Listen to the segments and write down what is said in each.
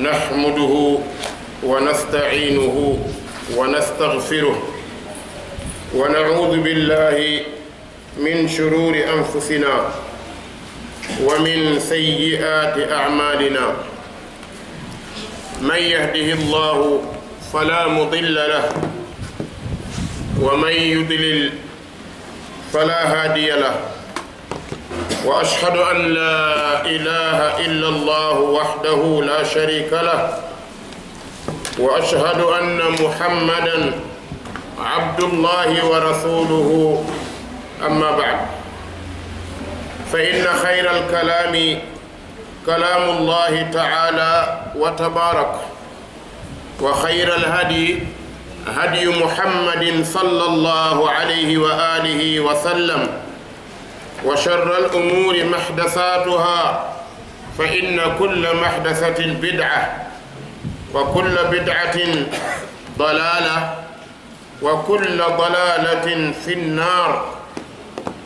نحمده ونستعينه ونستغفره ونعوذ بالله من شرور أنفسنا ومن سيئات أعمالنا من يهده الله فلا مضل له ومن يضلل فلا هادي له واشهد ان لا اله الا الله وحده لا شريك له واشهد ان محمدا عبد الله ورسوله اما بعد فان خير الكلام كلام الله تعالى وتبارك وخير الهدي هدي محمد صلى الله عليه واله وسلم وشر الأمور محدثاتها فإن كل محدثة بدعة وكل بدعة ضلالة وكل ضلالة في النار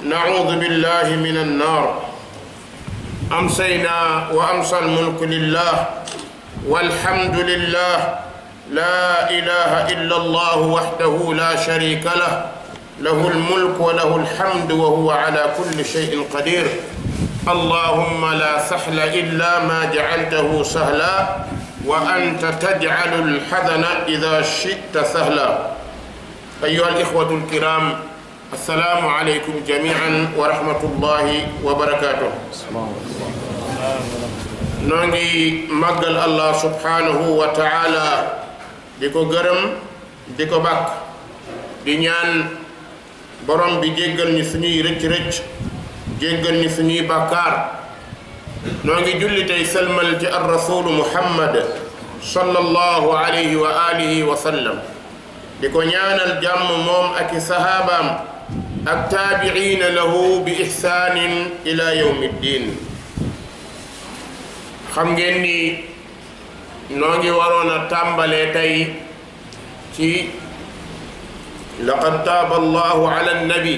نعوذ بالله من النار أمسينا وأمسى الملك لله والحمد لله لا إله إلا الله وحده لا شريك له له الملك وله الحمد وهو على كل شيء قدير اللهم لا سهل إلا ما جعلته سهلا وأنت تجعل الحزن إذا شئت سهلا أيها الإخوة الكرام السلام عليكم جميعا ورحمة الله وبركاته نونغي مجل الله سبحانه وتعالى ديكو غرم ديكو باك دي ñaan borom bi jéggal ñu suñuy rëcc-rëcc jéggal ñu suñuy bàkkaar noo ngi julli tey ci ar rasulu muhammad sallallahu alayhi wa alihi wa sallam di ko ñaanal jàmm moom ak i sahaabaam ak lahu bi ihsaanin ila yawmi ddin xam ngeen ni noo ngi waroon a ci laqad taaba allahu ala nabi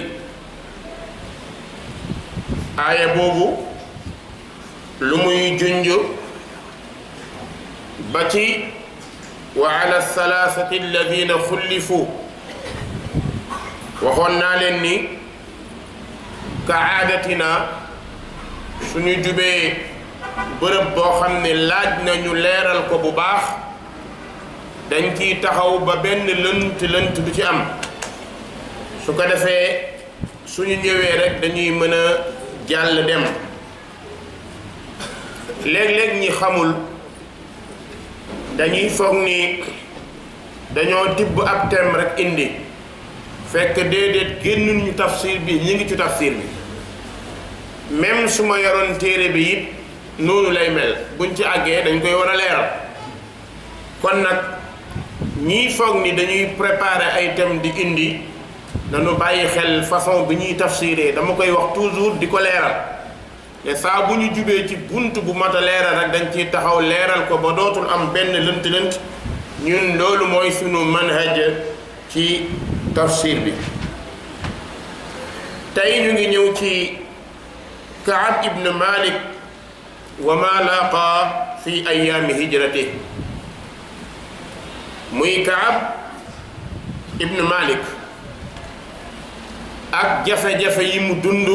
aaya boobu lu muy junj ba ci wa ala salaasati alladina xullifu waxoon naa leen ni ka aadatina suñu jubee bërëb boo xam ne laaj ñu leeral ko bu baax dañ ciy taxaw ba benn lënt lënt du ci am su ko defee suñu ñëwee rek dañuy mën a jàll dem léeg-léeg ñi xamul dañuy foog ni dañoo tibb ak tem rek indi fekk déedéet génnuñ ñu tafsir bi ñu ngi ci tafsir bi même su ma yoroon téere bi it noonu lay mel buñ ci àggee dañ koy war a leeral kon nag ñii foog ni dañuy prépare ay thème di indi dañu bàyyi xel façon bi ñuy tafsiree dama koy wax toujours di ko leeral te saa bu ñu jubee ci bunt bu mat a leeral rek dañ ci taxaw leeral ko ba dootul am benn lënt-lënt ñun loolu mooy sunu manhaj ci tafsir bi tey ñu ngi ñëw ci Kaab ibn Malik wa ma laqa fi ayaami hijrati muy Kaab ibn Malik ak jafe-jafe yi mu dund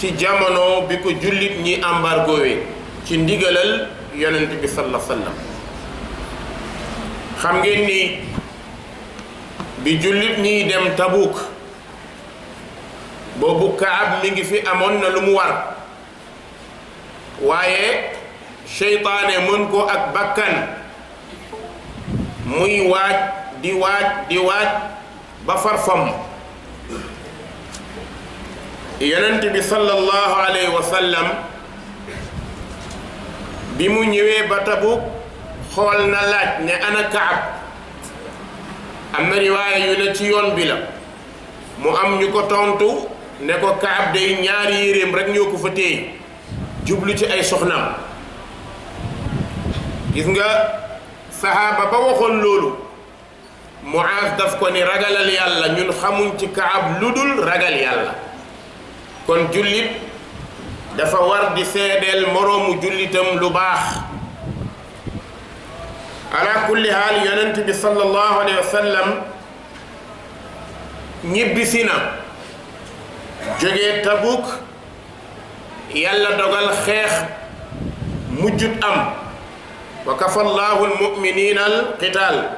ci jamono bi ko jullit ñi embargowe ci ndigalal yonent bi sallallahu alayhi xam ngeen ni bi jullit ñiy dem Tabuk boobu Kaab mi ngi fi amoon na lu mu war waaye seytaane mën ko ak bakkan muy waaj di waaj di waaj ba farfam yonent bi sallallahu alayhi wa sallam bi mu ñëwee ba Tabuk xool na laaj ne ana Kaab am na riwaaya yu ne ci yoon bi la mu am ñu ko tontu ne ko Kaab day ñaari yéreem rek ñoo ko fa téye jublu ci ay soxnaam gis nga saxaaba ba waxoon loolu Muaaz daf ko ni ragalal yàlla ñun xamuñ ci Kaab lu dul ragal yàlla kon jullit dafa war di seedeel moroomu jullitam lu baax ala kulli haal yonent bi sallallahu alayhi ñibbisi na jógee Tabuk yàlla dogal xeex mujjut am wa kafa allahu almuminina alqitaal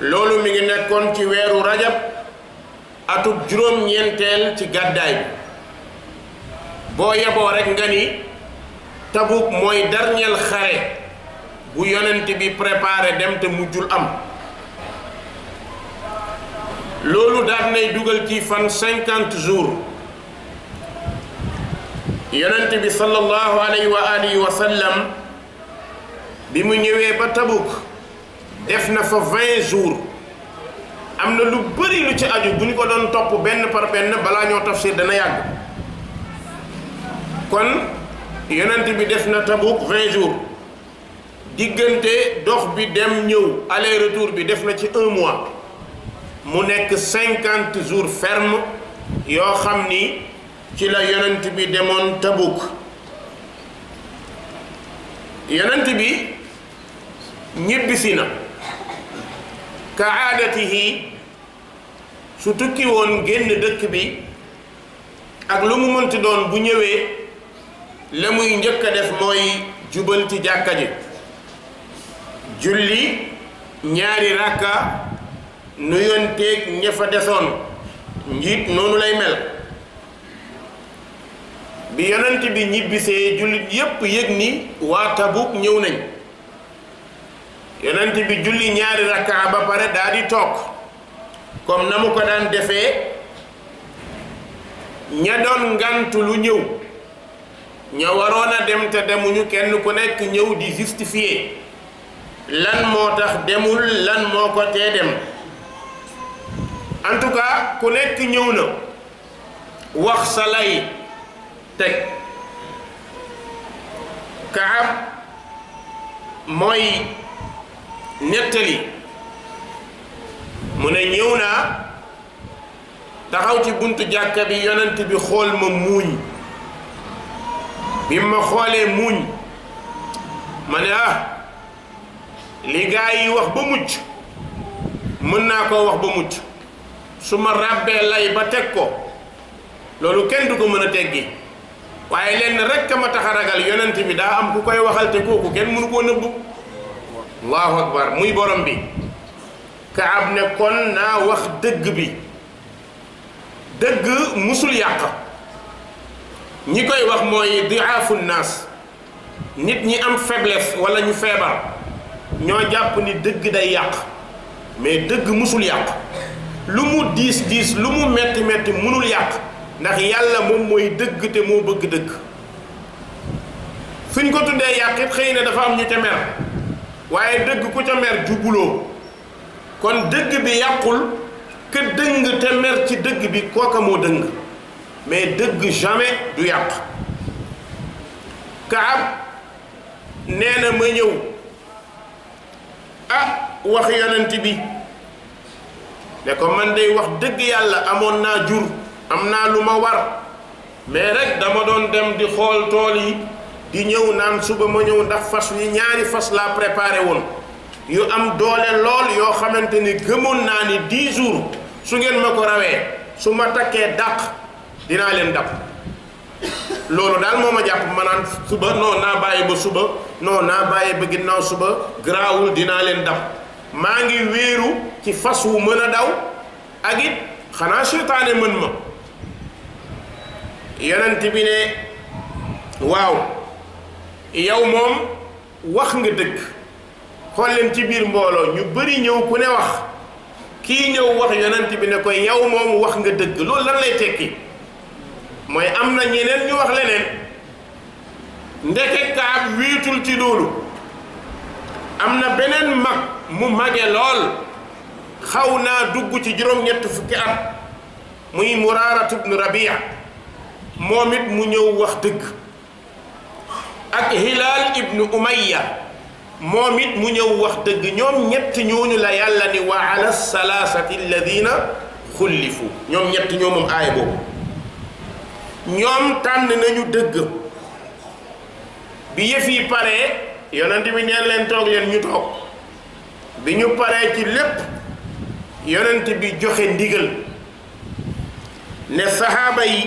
loolu mu ngi nekkoon ci weeru rajab atuk juróom-ñeenteel ci gàddaay bi boo yaboo rek nga ni tabuk mooy dernier xare bu yonent bi préparé dem te mujjul am loolu daan nay dugal ci fan cinquante jours yonent bi sallallahu alayhi wa alihi wa sallam bi mu ñëwee ba tabuk def na fa vingt jours am na lu bëri lu ci aju bu ñu ko doon topp benn par benn balaa ñoo tafsir dana yàgg kon yonent bi def na Tabuk 20 jours diggante dox bi dem ñëw aller retour bi def na ci un mois mu nekk cinquante jours ferme yoo xam ni ci la yonent bi demoon Tabuk yonent bi ñibbisi na ka aadatihi su tukki woon génn dëkk bi ak lu mu mënti doon bu ñëwee la muy njëkk a def mooy jubal ci jàkka ji julli ñaari ràkka nu yonteeg ña fa desoon njiit noonu lay mel bi yonent bi ñibbisee jullit yépp yëg ni waa Tabuk ñëw nañ yonent bi julli ñaari rakka ba pare daa di toog comme na mu ko daan defee ña doon ngantu lu ñëw ña waroon a dem te demuñu kenn ku nekk ñëw di justifier lan moo tax demul lan moo ko tee dem en tout cas ku nekk ñëw na wax sa lay teg Kaab mooy nettali mu ne ñëw naa taxaw ci buntu jàkka bi yonent bi xool ma muuñ bi ma xoolee muuñ ma ne ah li yi wax ba mucc mën naa koo wax ba mucc su ma ràbbee lay ba teg ko loolu kenn du ko mën a teggi waaye lenn rek ka ma tax a ragal yonent bi daa am ku koy waxal te kooku kenn mënu koo nëbbu allahu akbar muy borom bi kaab ne kon naa wax dëgg bi dëgg mosul yàq ñi koy wax mooy duaafu naas nit ñi am faiblesse walla ñu feebar ñoo jàpp ni dëgg day yàq mais dëgg musul yàq lu mu diis diis lu mu metti metti mënul yàq ndax yàlla moom mooy dëgg te moo bëgg dëgg suñ ko dundee yàq xëy na dafa am ñu ca mer waaye dëgg ku ca mer jubuloo kon dëgg bi yàqul que dëng te mer ci dëgg bi kooka moo dëng mais dëgg jamais du yàq Kaab nee na ma ñëw ah wax yonent bi ne ko man day wax dëgg yàlla amoon naa jur am naa lu ma war mais rek dama doon dem di xool tool yi di ñëw naan suba ma ñëw ndax fas wi ñaari fas laa préparé woon yu am doole lool yoo xamante ni gëmoon naa ni 10 jour su ngeen ma ko rawee su ma takkee dàq dinaa leen dab loolu daal moo ma jàpp ma naan suba non naa bàyyi ba suba non naa bàyyi ba ginnaaw suba garaawul dinaa leen dab maa ngi wéeru ci fas wu mën a daw ak it xanaa seytaane mën ma yonent bi ne waaw yow moom wax nga dëgg xool ci biir mbooloo ñu bari ñëw ku ne wax kii ñëw wax yonent bi ne ko yow moom wax nga dëgg loolu lan lay tekki mooy am na ñeneen ñu wax leneen ndeke Kaab wéetul ci loolu am na beneen mag mu mage lool xaw naa dugg ci juróom-ñett fukki at muy Muraaratu bnu Rabia moom it mu ñëw wax dëgg ak Hilaal ibnu Umayya moom it mu ñëw wax dëgg ñoom ñett ñooñu la yàlla ni wa ala salaasati alladina xullifu ñoom ñett ñoo aay boobu ñoom tànn nañu dëgg bi yëf yi paree yonent bi neen leen toog leen ñu toog bi ñu paree ci lépp yonent bi joxe ndigal ne saxaaba yi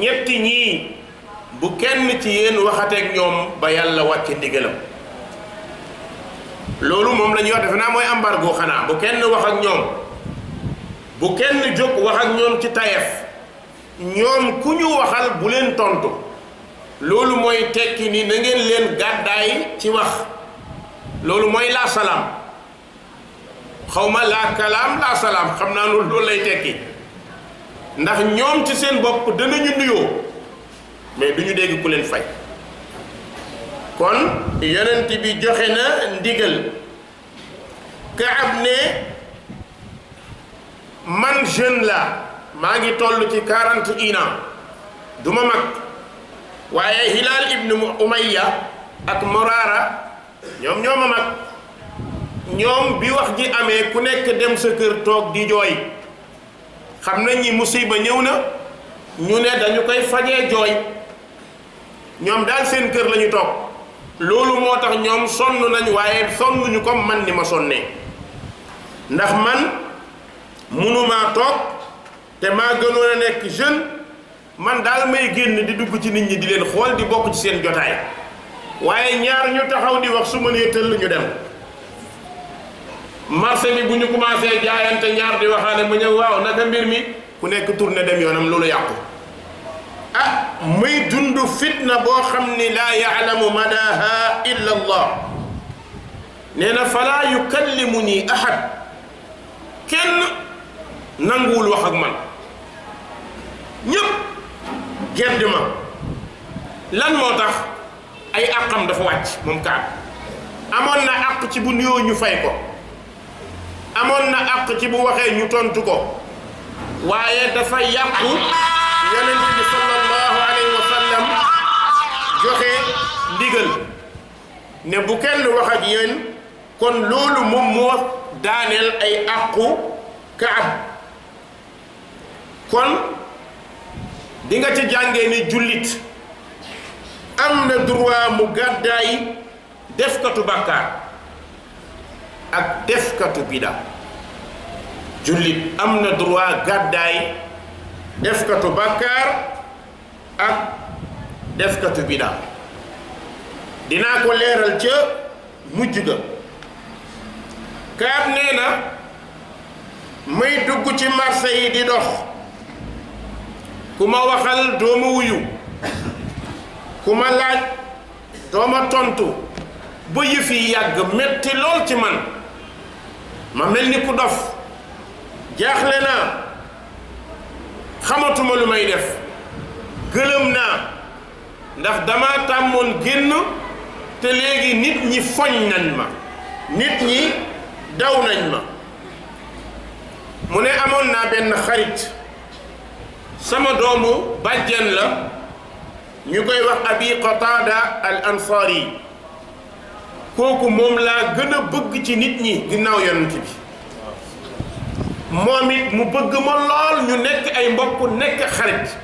ñetti ñii bu kenn ci yéen waxateeg ñoom ba yàlla wàcce ndigalam loolu moom lañuy ñuy wax defe naa mooy am embargo xanaa bu kenn wax ak ñoom bu kenn jóg wax ak ñoom ci tayef ñoom ku ñu waxal bu leen tontu loolu mooy tekki ni na ngeen leen gàddaay ci wax loolu mooy laa salaam xaw ma laa kalaam laa salaam xam naa loolu lay tekki ndax ñoom ci seen bopp danañu nuyoo mais du ñu dégg ku leen fay kon yonent bi joxe na ndigal Kaab ne man jeune la maa ngi toll ci quarante un ans du mag waaye Hilaal ibnu Umayya ak Muraara ñoom ñoo ma mag ñoom bi wax ji amee ku nekk dem sa kër toog di jooy xam nañ ni musiba ñëw na ñu ne dañu koy fajee jooy ñoom daal seen kër la toog loolu moo tax ñoom sonn nañ waaye sonnuñu comme man ni ma sonnee ndax man munumaa toog te maa gënoon a nekk jeune man daal may génn di dugg ci nit ñi di leen xool di bokk ci seen jotaay waaye ñaar ñu taxaw di wax su ma nee tëll dem marché bi bu ñu commencé jaayante ñaar di waxaane ma ñëw waaw naka mbir mi ku nekk tourné dem yoonam loolu yàqu ah muy dund fitna boo xam ni laa yaalamu manaha illa allah nee na falaa yukallimu nii ahad kenn nanguwul wax ak man ñëpp gedd ma lan moo tax ay àqam dafa wàcc moom kaat amoon na àq ci bu nuyoo ñu fay ko amoon na àq ci bu waxee ñu tontu ko waaye dafa yàqu yeneen joxe ndigal ne bu kenn wax ak yéen kon loolu moom moo daaneel ay àqu kaab kon di nga ci jàngee ni jullit am na droit mu gàddaay defkatu bàkkaar ak defkatu bida jullit am na droit gàddaay defkatu bàkkaar ak defkatu bidaa dinaa ko leeral ca mujj ga kaat nee na may dugg ci marché yi di dox ku ma waxal dooma wuyu ku ma laaj dooma tontu ba yëf yi yàgg metti lool ci man ma mel ni ku dof jaaxle naa xamatuma lu may def gëlëm naa ndax damaa tàmmoon génn te léegi nit ñi foñ nañ ma nit ñi daw nañ ma mu ne amoon naa benn xarit sama doomu bàjjen la ñu koy wax abi qataada al ansaari kooku moom laa gën a bëgg ci nit ñi ginnaaw yonent bi moom it mu bëgg ma lool ñu nekk ay mbokk nekk xarit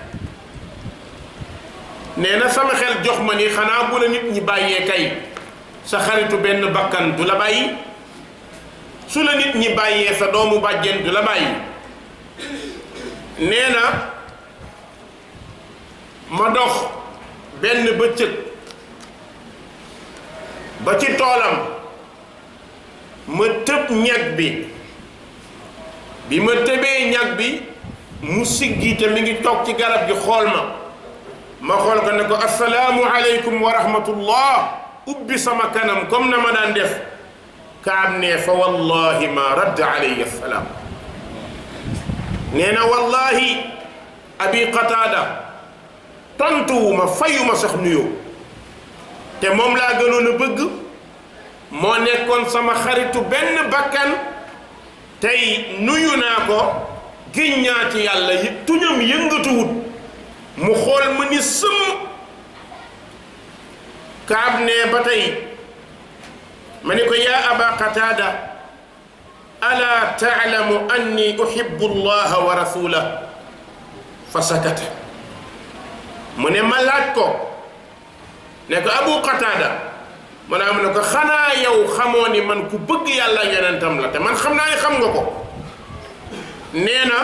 nee na sama xel jox ma ni xanaa bu la nit ñi bàyyee kay sa xaritu benn bakkan du la bàyyi su la nit ñi bàyyee sa doomu bàjjen du la bàyyi nee na ma dox benn bëccëg ba ci toolam ma tëb ñag bi bi ma tëbee ñag bi mu siggi te mu ngi toog ci garab gi xool ma ma xool ko ne ko asalaamu aleykum wa rahmatullah ubbi sama kanam kom na ma daan def kaab ne fa wallahi ma radd alayya salaam nee na wallahi abi qataada tontuwuma fayuma sax nuyoo te moom laa gënoon a bëgg moo nekkoon sama xaritu benn bakkan tey nuyu naa ko génn yàlla tuñam yëngatuwut mu xool ma ni sëmm kaab ne ba tey ma ni ko yaa aba qataada ala taalamu anni uhibbu allaha wa rasulahu fa sakata mu ne ma laaj ko ne ko abu qataada mu ne am ne ko xanaa yow xamoo ni man ku bëgg yàlla yonentam la te man xam naa ne xam nga ko nee na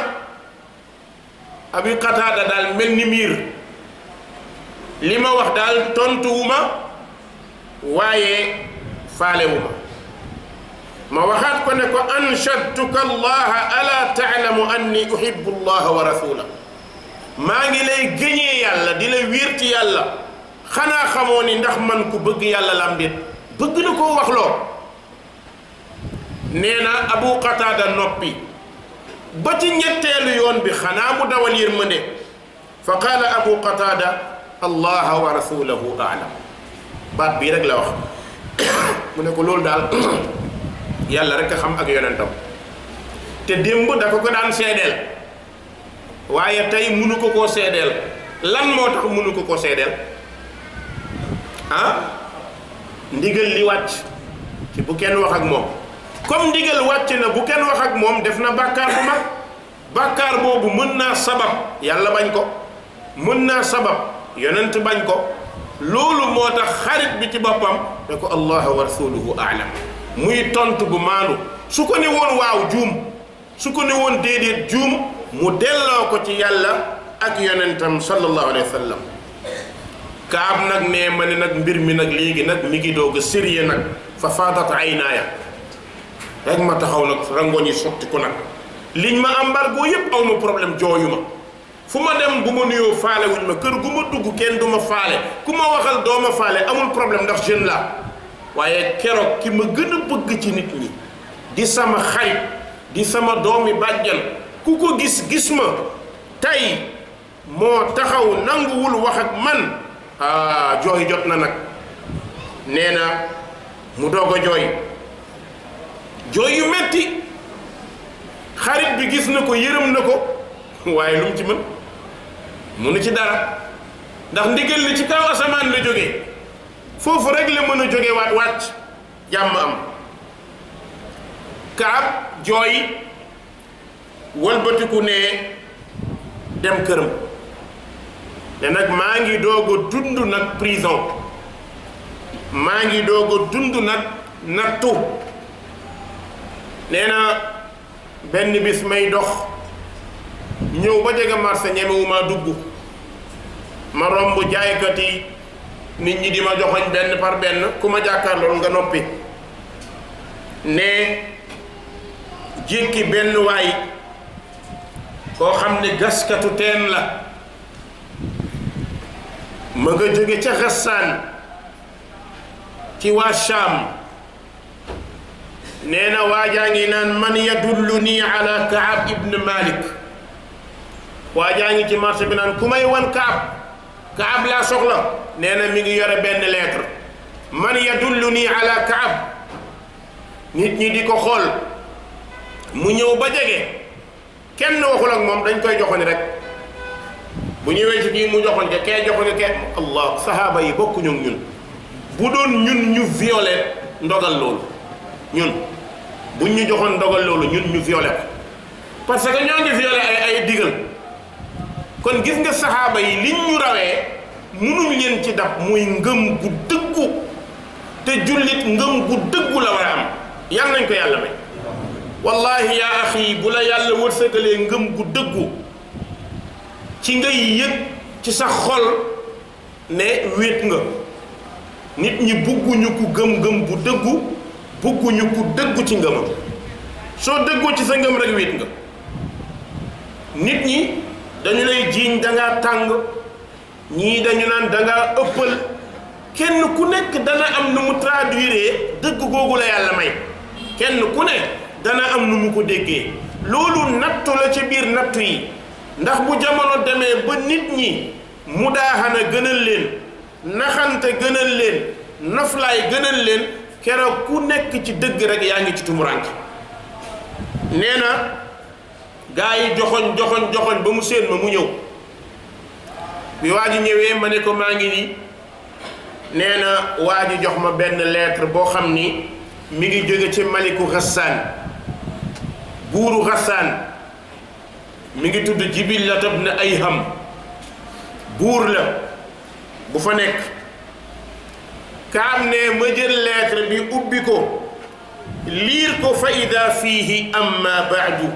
abi qataada daal mel ni miir li ma wax daal tontu ma waaye faale wu ma waxaat ko ne ko anshadtuka allaha ala taalamu anni uhibbu allaha wa rasula maa ngi lay gëñee yàlla di la wérti yàlla xanaa xamoo ndax man ku bëgg yàlla lam dit bëgg ko koo waxloo nee na abu qataada noppi ba ci ñetteelu yoon bi xanaa mu dawal yërmande fa qaala abu qatada allaha wa rasulahu aalam baat bii rek la wax mu ne ko loolu daal yàlla rek a xam ak yonentam te démb dafa ko daan seedeel waaye tey munu ko koo seedeel lan moo tax munu ko koo seedeel ah ndigal li wàcc ci bu kenn wax ak moom comme ndigal wàcc na bu kenn wax moom def na bàkkaar bu mag bàkkaar boobu mën naa sabab yàlla bañ ko mën naa sabab yonent bañ ko loolu moo tax xarit bi ci boppam ne ko allah wa rasuluhu aalam muy tontu bu maanu su ko ne woon waaw juum su ko ne woon déedéet juum mu delloo ko ci yàlla ak yonentam sallallahu alayhi wa sallam kaab nag nee ma ne nag mbir mi nag léegi nag mi ngi doog a sérieux nag fa faatat aynaaya rek ma taxaw nag rangoon yi sotti ko nag liñ ma embargo yépp aw ma problème jooyu ma fu ma dem bu ma nuyoo faale wuñ ma kër gu ma dugg kenn du ma faale ku ma waxal doo ma faale amul problème ndax jeune la waaye keroog ki ma gën a bëgg ci nit ñi di sama xarit di sama doomi bàjjan ku ko gis gis ma tey moo taxaw nanguwul wax ak man ah, jooy jot na nag nee na mu doog a jooy jooy yu metti xarit bi gis na ko yërëm na ko waaye lu ci mën mënu ci dara ndax ndigal li ci kaw asamaan la jóge foofu rek la mën a jóge waat wàcc jàmm am kaab jooy walbatiku ne dem këram ne nag maa ngi doogo a dund nag prison maa ngi doogo a dund nag nattu nee na benn bis may dox ñëw ba jege marché ñemewuma dugg ma romb jaaykat nit ñi di ma joxoñ benn par benn ku ma jàkkaarlool nga noppi ne jékki benn waay koo xam ne gaskatu teen la ma nga jóge ca xassaan ci waa nee na waajaa ngi naan man yadullu nii ala kaab ibn malik waajaa ngi ci marché bi naan ku may wan kaab kaab laa soxla nee na mi ngi yore benn lettre man yadullu nii ala kaab nit ñi di ko xool mu ñëw ba jege kenn waxul moom dañ koy joxoñ rek bu ñëwee ci kii mu joxoñ ke kee joxoñ ke allah sahaaba yi bokkuñu ñun bu doon ñun ñu violé ndogal lool ñun buñ ñu joxoon dogal loolu ñun ñu violé ko parce que ñoo di violé ay ay digal kon gis nga saxaaba yi li ñu rawee mënuñ leen ci dab muy ngëm gu dëggu te jullit ngëm gu dëggu la war a am yal nañ ko yàlla may wallahi yaa axi bu la yàlla wërsëgalee ngëm gu dëggu ci ngay yëg ci sa xol ne wéet nga nit ñi bugguñu ku gëm-gëm bu dëggu bëgguñu ku dëggu ci ngëmam soo dëggoo ci sa ngëm rek wéet nga nit ñi dañu lay jiiñ dangaa tàng ñii dañu naan dangaa ëppal kenn ku nekk dana am nu mu traduire dëgg googu la yàlla may kenn ku nekk dana am nu mu ko déggee loolu nattu la ci biir nattu yi ndax bu jamono demee ba nit ñi mu daaxana gënal leen naxante gënal leen naflaay gënal leen keroog ku nekk ci dëgg rek yaa ngi ci tumuranke nee na gaa yi joxoñ joxoñ joxoñ ba mu séen ma mu ñëw bi waa ji ñëwee ma ne ko maa ngi nii nee na waa ji jox ma benn lettre boo xam ni mi ngi jóge ci maliku Ghassan buuru Ghassan mu ngi tudd Jibillat ibn Ayham buur la bu fa nekk kaam ne ma jël lettre bi ubbi ko liir ko fa ida fiihi amma baadu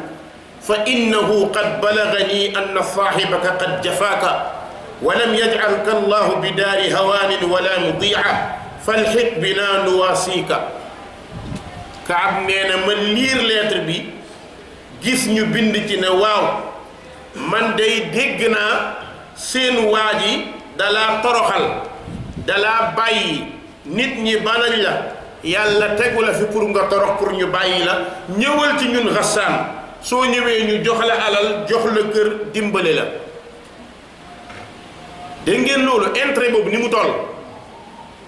fa innahu qad balagani anna saahibaka qad jafaaka wa lam yajcalka allahu bi daari hawaanin wala mudiica falxiq bina nuwaasiika kaab nee na ma liir lettre bi gis ñu bind ci ne waaw man day dégg naa seen waa ji dalaa toroxal dalaa bàyyi nit ñi balañ la yàlla tegu la fi pour nga torox pour ñu bàyyi la ñëwal ci ñun xassaan soo ñëwee ñu jox la alal jox la kër dimbale la dégg ngeen loolu intérêt boobu ni mu toll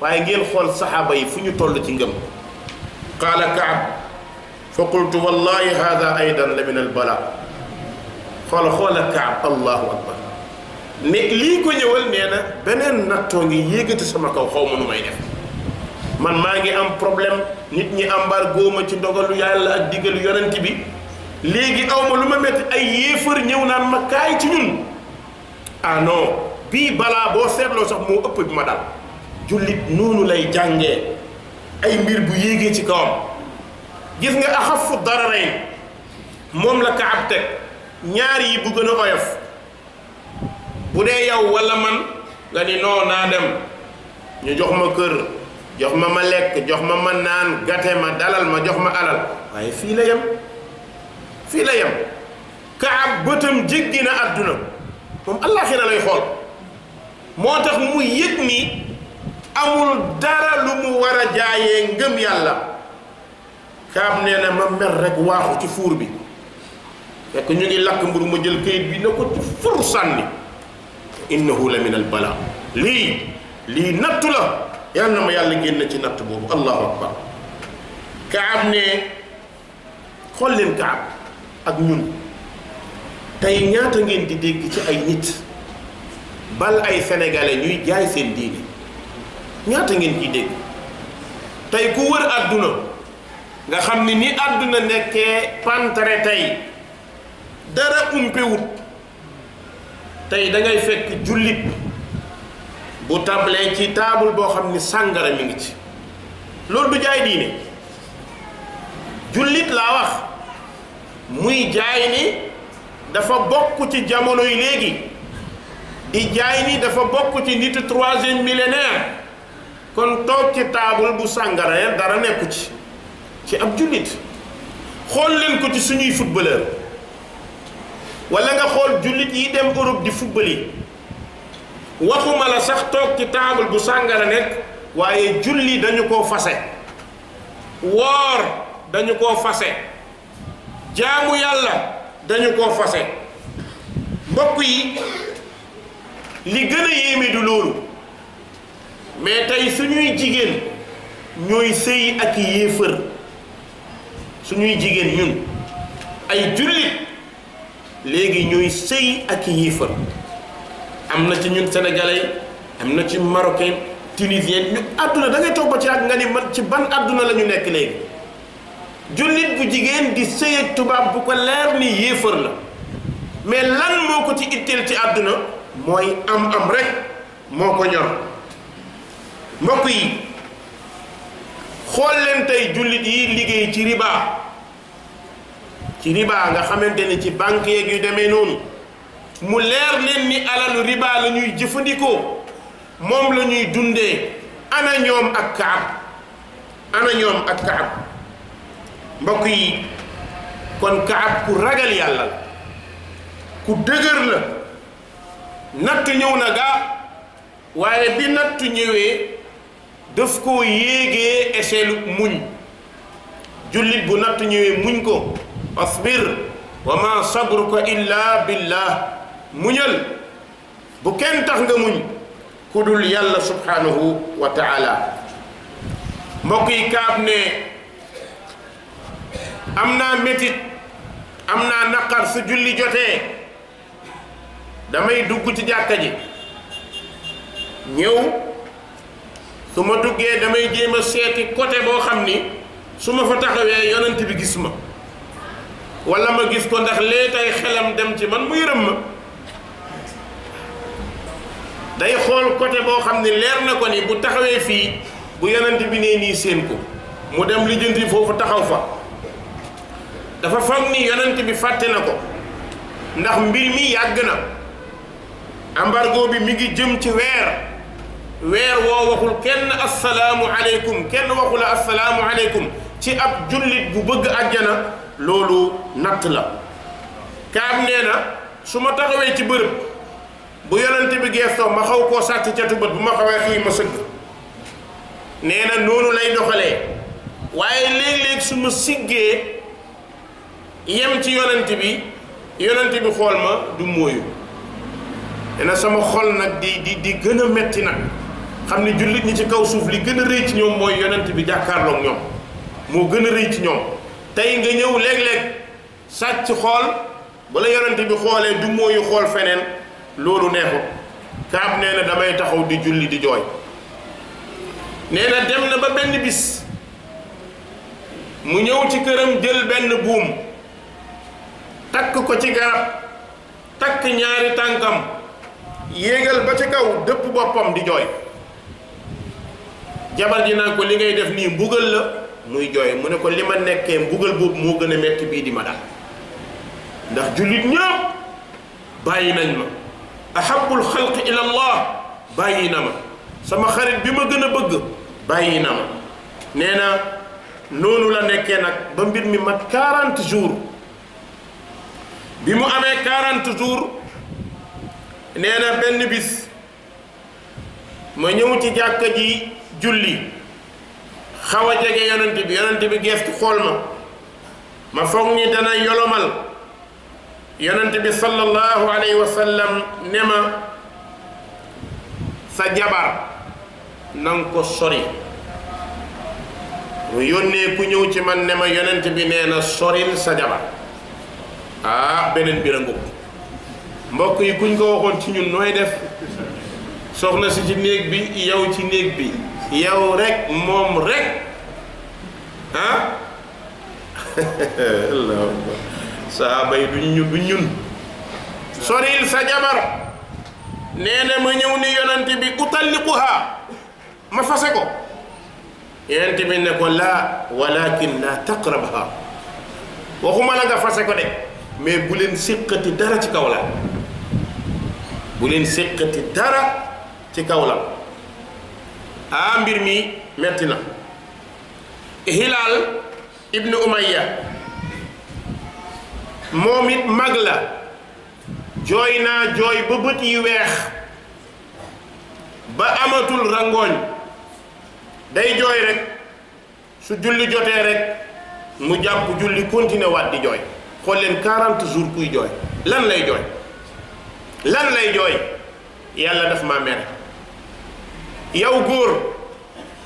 waaye ngeen xool saxaaba yi fu ñu toll ci ngëm qaala kaab fa qultu wallahi hada aydan la min al bala xoola xoola kaab allahu akbar ne lii ko ñëwal nee na beneen nattoo ngi yéegati sama kaw xaw ma def man maa ngi am problème nit ñi am embargo ma ci dogalu yàlla ak digalu yonent bi léegi aw ma lu ma metti ay yéefar ñëw naan ma kaay ci ñun ano ah bii balaa boo seetloo sax moo ëpp bi ma dal jullit noonu lay jànge ay mbir bu yéegee ci kawam gis nga axafu dararayn moom la kaab teg ñaar yi bu gën a oyof bu dee yow walla man nga ni non naa dem ñu jox ma kër jox ma ma lekk jox ma ma naan gate ma dalal ma jox ma alal waaye fii la yem fii la yem kaab bëtam jéggi na àdduna moom allaaxira lay xool moo tax mu yëg ni amul dara lu mu war a jaayee ngëm yàlla kaab nee na ma mer rek waaxu ci fuur bi fekk ñu ngi lakk mburu ma jël këyit bi na ko ci fur sànni innahu la min al bala lii lii nattu la yàlla na ma yàlla génn ci natt boobu allahu akbar kaab ne xool leen kaab ak ñun tey ñaata ngeen di dégg ci ay nit bal ay senegale ñuy jaay seen diine ñaata ngeen ciy dégg tey ku wër àdduna nga xam ne ni àdduna nekkee pantare tey dara umpewut tey dangay ngay fekk jullit bu tablee ci taabul boo xam ni sàngara mi ngi ci loolu du jaay diine jullit laa wax muy jaay ni dafa bokk ci jamono yi léegi di jaay ni dafa bokk ci nitu troisième millénaire kon toog ci taabul bu sàngara ya dara nekku ci ci ab jullit xool leen ko ci suñuy footballeur wala nga xool jullit yi dem Europe di football yi waxuma la sax toog ci taabal bu sàngara nekk waaye julli dañu koo fase woor dañu koo fase jaamu yàlla dañu koo fase mbokk yi li gën a yéeme du loolu mais tey suñuy jigéen ñooy sëy suñuy jigéen ñun ay jullit léegi ñuy sëy ak yéefër am na ci ñun sénégalais am na ci marocain tunisien ñu àdduna da ngay toog ba ci ak nga ni man ci ban àdduna lañu nekk léegi jullit bu jigéen di sëy tubaab bu ko leer ni yéefar la mais lan moo ko ci itteel ci àdduna mooy am-am rek moo ko ñor mbokk yi xool leen tey jullit yi liggéey ci riba ci riba nga xamante ni ci banque yeeg yu demee noonu. mu leer leen alalu riba la ñuy jëfandikoo moom la ñuy dundee ana ñoom ak kaab ana ñoom ak kaab mbokk yi kon kaab ku ragal yàlla la ku dëgër la natt ñëw na gaa waaye bi natt ñëwee daf koo yéegee échelle muñ jullit bu natt ñëwee muñ ko asbir wa ma sabruka illa billah muñal bu kenn tax nga muñ ku dul yàlla subhanahu wa taala mbokk yi kaab ne am naa métit am naa naqar su julli jotee damay dugg ci jàkka ji ñëw su ma duggee damay jéem a seeti côté boo xam ni su ma fa taxawee yonent bi gis ma wala ma gis ko ndax lee tay xelam dem ci man mu yërëm ma day xool côté boo xam ne leer na ko ni bu taxawee fii bu yonent bi nee nii seen ko mu dem lijjanti foofu taxaw fa dafa foog ni yonent bi fàtte na ko ndax mbir mi yàgg na embargo bi mi ngi jëm ci weer weer woo waxul kenn assalaamu aleykum kenn waxul assalaamu aleykum ci ab jullit bu bëgg àjjana loolu natt la kaab nee na su ma taxawee ci bërëb bu yonent bi geestoo ma xaw koo sàcc catu bët bu ma xawee fii ma sëgg nee na noonu lay doxalee waaye léeg-léeg su ma siggee yem ci yonant bi yonent bi xool ma du mooyu dana sama xol nag di di di gën a metti nag xam ne jullit ñi ci kaw suuf li gën a rëy ci ñoom mooy yonant bi jàkkaarloog ñoom moo gën a rëy ci ñoom tey nga ñëw léeg-léeg sàcc xool bala yonant bi xoolee du mooyu xool feneen loolu neexut kaab nee na damay taxaw di julli di jooy nee na dem na ba benn bis mu ñëw ci këram jël benn buum takk ko ci garab takk ñaari tànkam yéegal ba ci kaw dëpp boppam di jooy jabar ji naan ko li ngay def nii mbugal la muy jooy mu ne ko li ma nekkee mbugal boobu moo gën a metti bii di ma dal ndax jullit ñëpp bàyyi nañ ma ahabul xalqi ila allah bàyyi na ma sama xarit bi ma gën a bëgg bàyyi na ma nee na noonu la nekkee nag ba mbir mi mag 40 jours bi mu amee 40 jour nee na benn bis ma ñëw ci jàkka ji julli xaw a jege yonent bi yonent bi geestu xool ma ma foog ni dana yolomal yonent bi sallallahu alayhi wa sallam ne ma sa jabar na ko sori mu yónnee ku ñëw ci man ne ma yonent bi nee na soril sa jabar ah beneen bi rëngu mbokk yi kuñ ko waxoon ci ñun nooy def soxna si ci néeg bi yow ci néeg bi yow rek moom rek ah allahu akbar sahaaba yi duñ ñun soril sa jabar nee na ma ñëw ni yonent bi utalliquha ma fase ko yonent bi ne ko laa walakin la taqrabha waxuma la nga fase ko de mais bu leen séqati dara ci kaw la bu leen séqati dara ci kaw la ah mbir mi metti na Hilaal ibnu Umayya moom it mag la jooy naa jooy ba bët yi weex ba amatul rangooñ day jooy rekk su julli jotee rekk mu jàpp julli continuer waat di jooy xool leen jours kuy jooy lan lay jooy lan lay jooy yàlla daf ma mere yow góor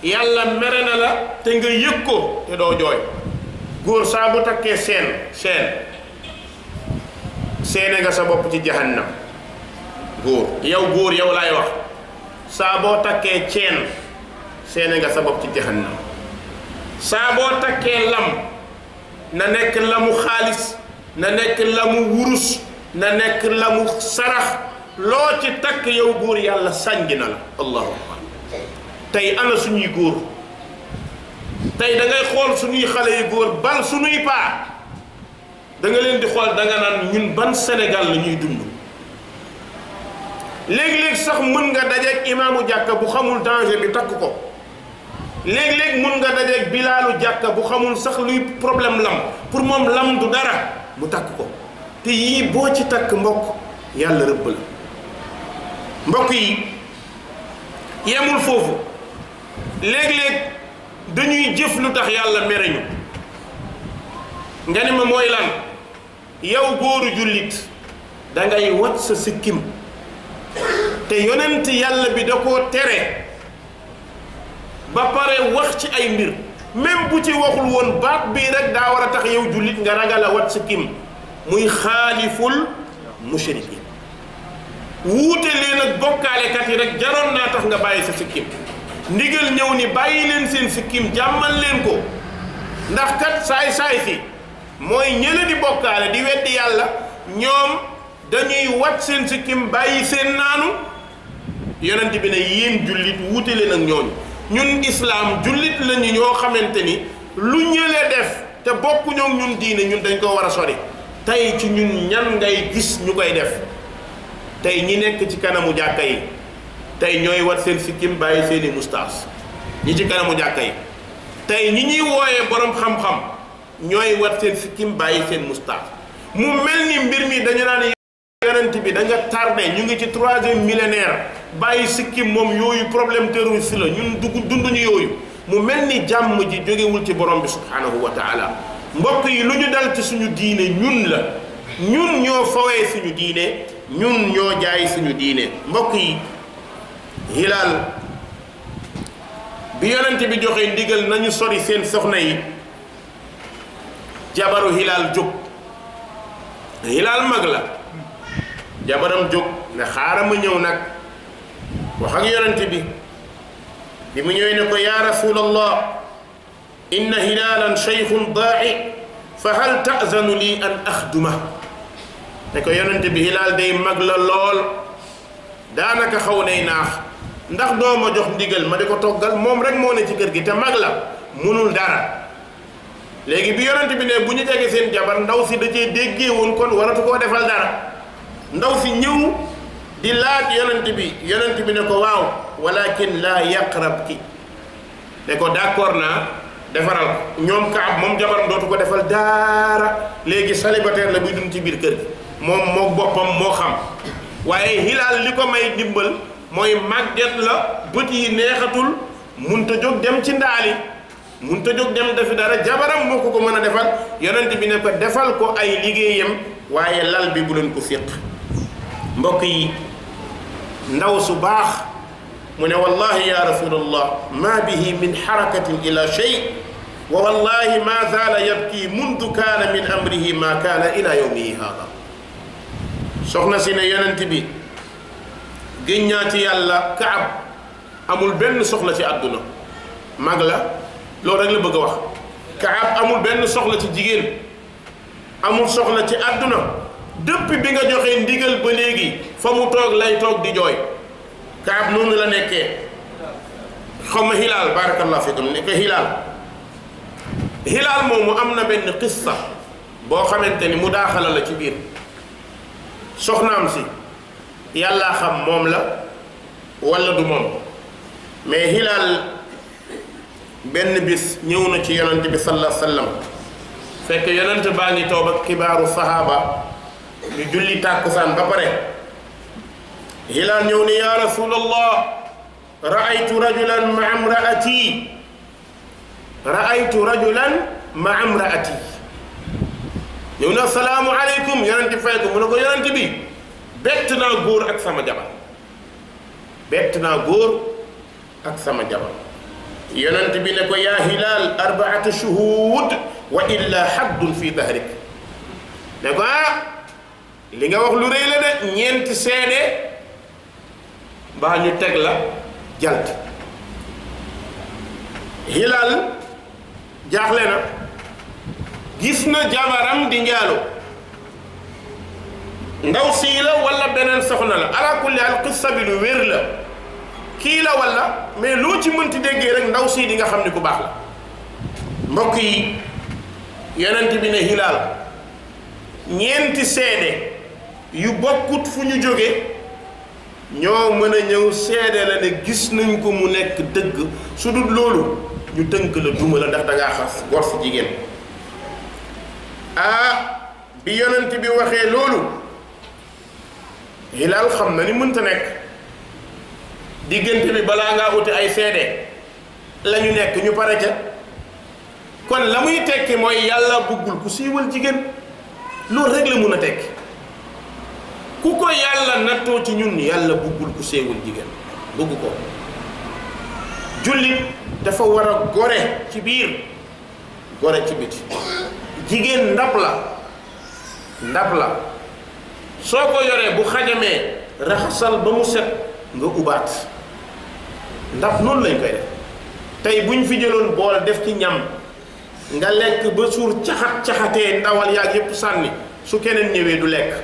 yàlla mere na la te nga yëg ko te doo jooy góor saa bu takkee seen seen seene nga sa bopp ci jahannam góor yow góor yow laay wax saa boo takkee ceen seene nga sa bopp ci jahannam saa boo takkee lam na nekk lamu xaalis na nekk lamu wurus na nekk lamu sarax loo ci takk yow góor yàlla sànj na la allahu akbar tey ana suñuy góor tey da xool suñuy xale yu góor bal suñuy paa danga leen di xool da nga naan ñun ban senegal la ñuy dund léeg-léeg sax mën nga dajeeg imaamu jàkka bu xamul danger bi takk ko léeg-léeg mën nga dajeeg bilaalu jàkka bu xamul sax luy problème lam pour moom lam du dara mu takk ko te yii boo ci takk mbokk yàlla rëbb la mbokk yi yemul foofu léeg-léeg dañuy jëf lu tax yàlla mereñu ñu nga ni ma mooy lan yow góoru jullit dangay ngay wat sa sikkim te yonent yàlla bi da koo tere ba pare wax ci ay mbir même bu ci waxul woon baat bii rek daa war a tax yow jullit nga ragal a wat sikkim muy xaaliful mushrikin wuute leen ak bokkaalekat yi rek jaroon naa tax nga bàyyi sa sikkim ndigal ñëw ni bàyyi leen seen sikkim jàmmal leen ko ndax kat saay saay si mooy ñële di bokkaale di weddi yàlla ñoom dañuy wat seen sikkim bàyyi seen naanu yonent bi ne yéen jullit wuute leen ak ñooñu ñun islaam jullit lañu ñoo xamante ni lu ñële def te bokkuñoo ñun diine ñun dañ ko war a sori tey ci ñun ñan ngay gis ñu koy def tey ñi nekk ci kanamu jàkka yi tey ñooy wat seen sikkim bàyyi seeni mustaas ñi ci kanamu jàkka yi tey ñi ñuy wooyee borom xam-xam ñooy war seen sikkim bàyyi seen moustache mu mel ni mbir mi dañu naan yonent bi da nga ñu ngi ci troisième millénaire bàyyi sikkim moom yooyu problème terroriste la ñun dugg dunduñu yooyu mu mel ni jàmm ji jógewul ci borom bi subhanahu wa taala mbokk yi lu ñu dal ci suñu diine ñun la ñun ñoo fawee suñu diine ñun ñoo jaay suñu diine mbokk yi hilaal bi yonent bi joxe ndigal nañu sori seen soxna yi jabaru Hilaal jóg Hilaal mag la jabaram jóg ne xaaral ma ñëw nag wax ak yonent bi bi mu ñëwee ne ko yaa rasulallah inna Hilaalan shaykhun daa'i fa hal ta'zanu lii an axduma ne ko yonent bi Hilaal day mag la lool daanaka xaw nay naax ndax doo ma jox ndigal ma di ko toggal moom rek moo ne ci kër gi te mag la munul dara léegi bi yonent bi ne bu ñu jege seen jabar ndaw si da cee déggee woon kon waratu koo defal dara ndaw si ñëw di laaj yonent bi yonent bi ne ko waaw walakin laa yaqrab ki ne ko d'accord naa defaral ko ñoom kaab moom jabaram dootu ko defal dara léegi célibataire la buy dund ci biir kër gi moom moo boppam moo xam waaye hilaal li ko may dimbal mooy màgget la bët yi neexatul munta jóg dem ci ndaa ndaali mun ta jóg dem defi dara jabaram moo ko ko mën a defal yonent bi ne ko defal ko ay liggéeyam waaye lal bi bu leen ko fiq mbokk yi ndaw su baax mu ne wallahi ya rasulallah ma bihi min xarakatin ila shay wa wallahi ma zaala yabki mundu kaana min amrihi ma kaana ila yawmihi haada soxna si ne yonent bi gén ñaa ci yàlla kaab amul benn soxla ci àdduna mag la loolu rek la bëgg a wax Kaab amul benn soxla ci jigéen amul soxla ci àdduna dëpp bi nga joxee ndigal ba léegi fa mu toog lay toog di jooy Kaab noonu la nekkee xaw ma Hilaal barakallahu fikum nekk Hilaal Hilaal moomu am na benn qissa boo xamante ni mu daaxala ci biir soxnaam si yàllaa xam moom la walla du moom mais Hilaal benn bis ñëw na ci yonent bi sallallahu alayhi wa sallam fekk yonent baa ngi toog ak kibaaru sahaaba ñu julli tàkkusaan ba pare hilaal ñëw ne ya rasulallah raaytu rajulan ma amraati raaytu rajulan ma amraati ñëw ne asalaamu aleykum yonent fay ko mu ne góor ak sama jabar bett naa góor ak sama jabar yonent bi ne ko yaa hilaal arbaatu shuhud wa illa fi dahrik ne ko ah li nga wax lu rëy la de ñeenti seede mbaa ñu teg la jalt hilaal jaaxle na gis na jabaram di njaalo ndaw sii la wala beneen soxna la ala kulli al qissa bi lu wér la kii la walla mais loo ci mënti déggee rek ndaw sii di nga xam ni ku baax la mbokk yi yonent bi ne hilaal ñeenti seede yu bokkut fu ñu jóge ñoo mën a ñëw seede la ne gis nañ ko mu nekk dëgg su dul loolu ñu tënk la duma la ndax dangaa xas gor si jigéen ah bi yonent bi waxee loolu hilaal xam na ni mënta nekk diggante bi balaa ngaa uti ay seede la ñu nekk ñu pare ca kon la muy tekki mooy yàlla buggul ku siiwal jigéen loolu rek la mun a tekki ku ko yàlla nattoo ci ñun yàlla buggul ku siiwal jigéen bugg ko jullit dafa war a gore ci biir gore ci biti jigéen ndab la ndab la soo ko yoree bu xajamee raxasal ba mu set nga ubaat ndax loolu lañ koy def tey bu ñu fi jëloon bool def ci ñam nga lekk ba suur caxat caxatee ndawal yaag yépp sànni su keneen ñëwee du lekk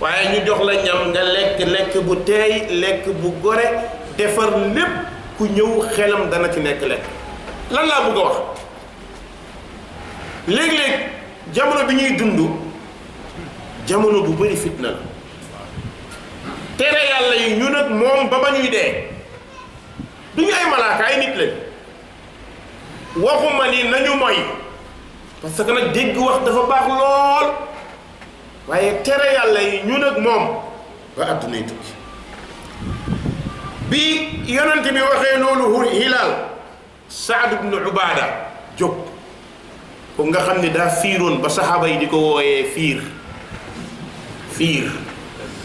waaye ñu jox la ñam nga lekk lekk bu teey lekk bu gore defar lépp ku ñëw xelam dana ci nekk lekk lan laa bëgg a wax léeg-léeg jamono bi ñuy dund jamono bu bari fitna la tere yàlla yi ñu nag moom ba ba ñuy dee du ñu ay malaaka ay nit leen waxuma ni nañu moy parce que nag dégg wax dafa baax lool waaye tere yàlla yi ñu nag moom ba àddunay tukki bi yonent bi waxee loolu Hilaal Saad ibnu Ubaada jóg ko nga xam ni daa fiiroon ba saxaaba yi di ko wooyee fiir fiir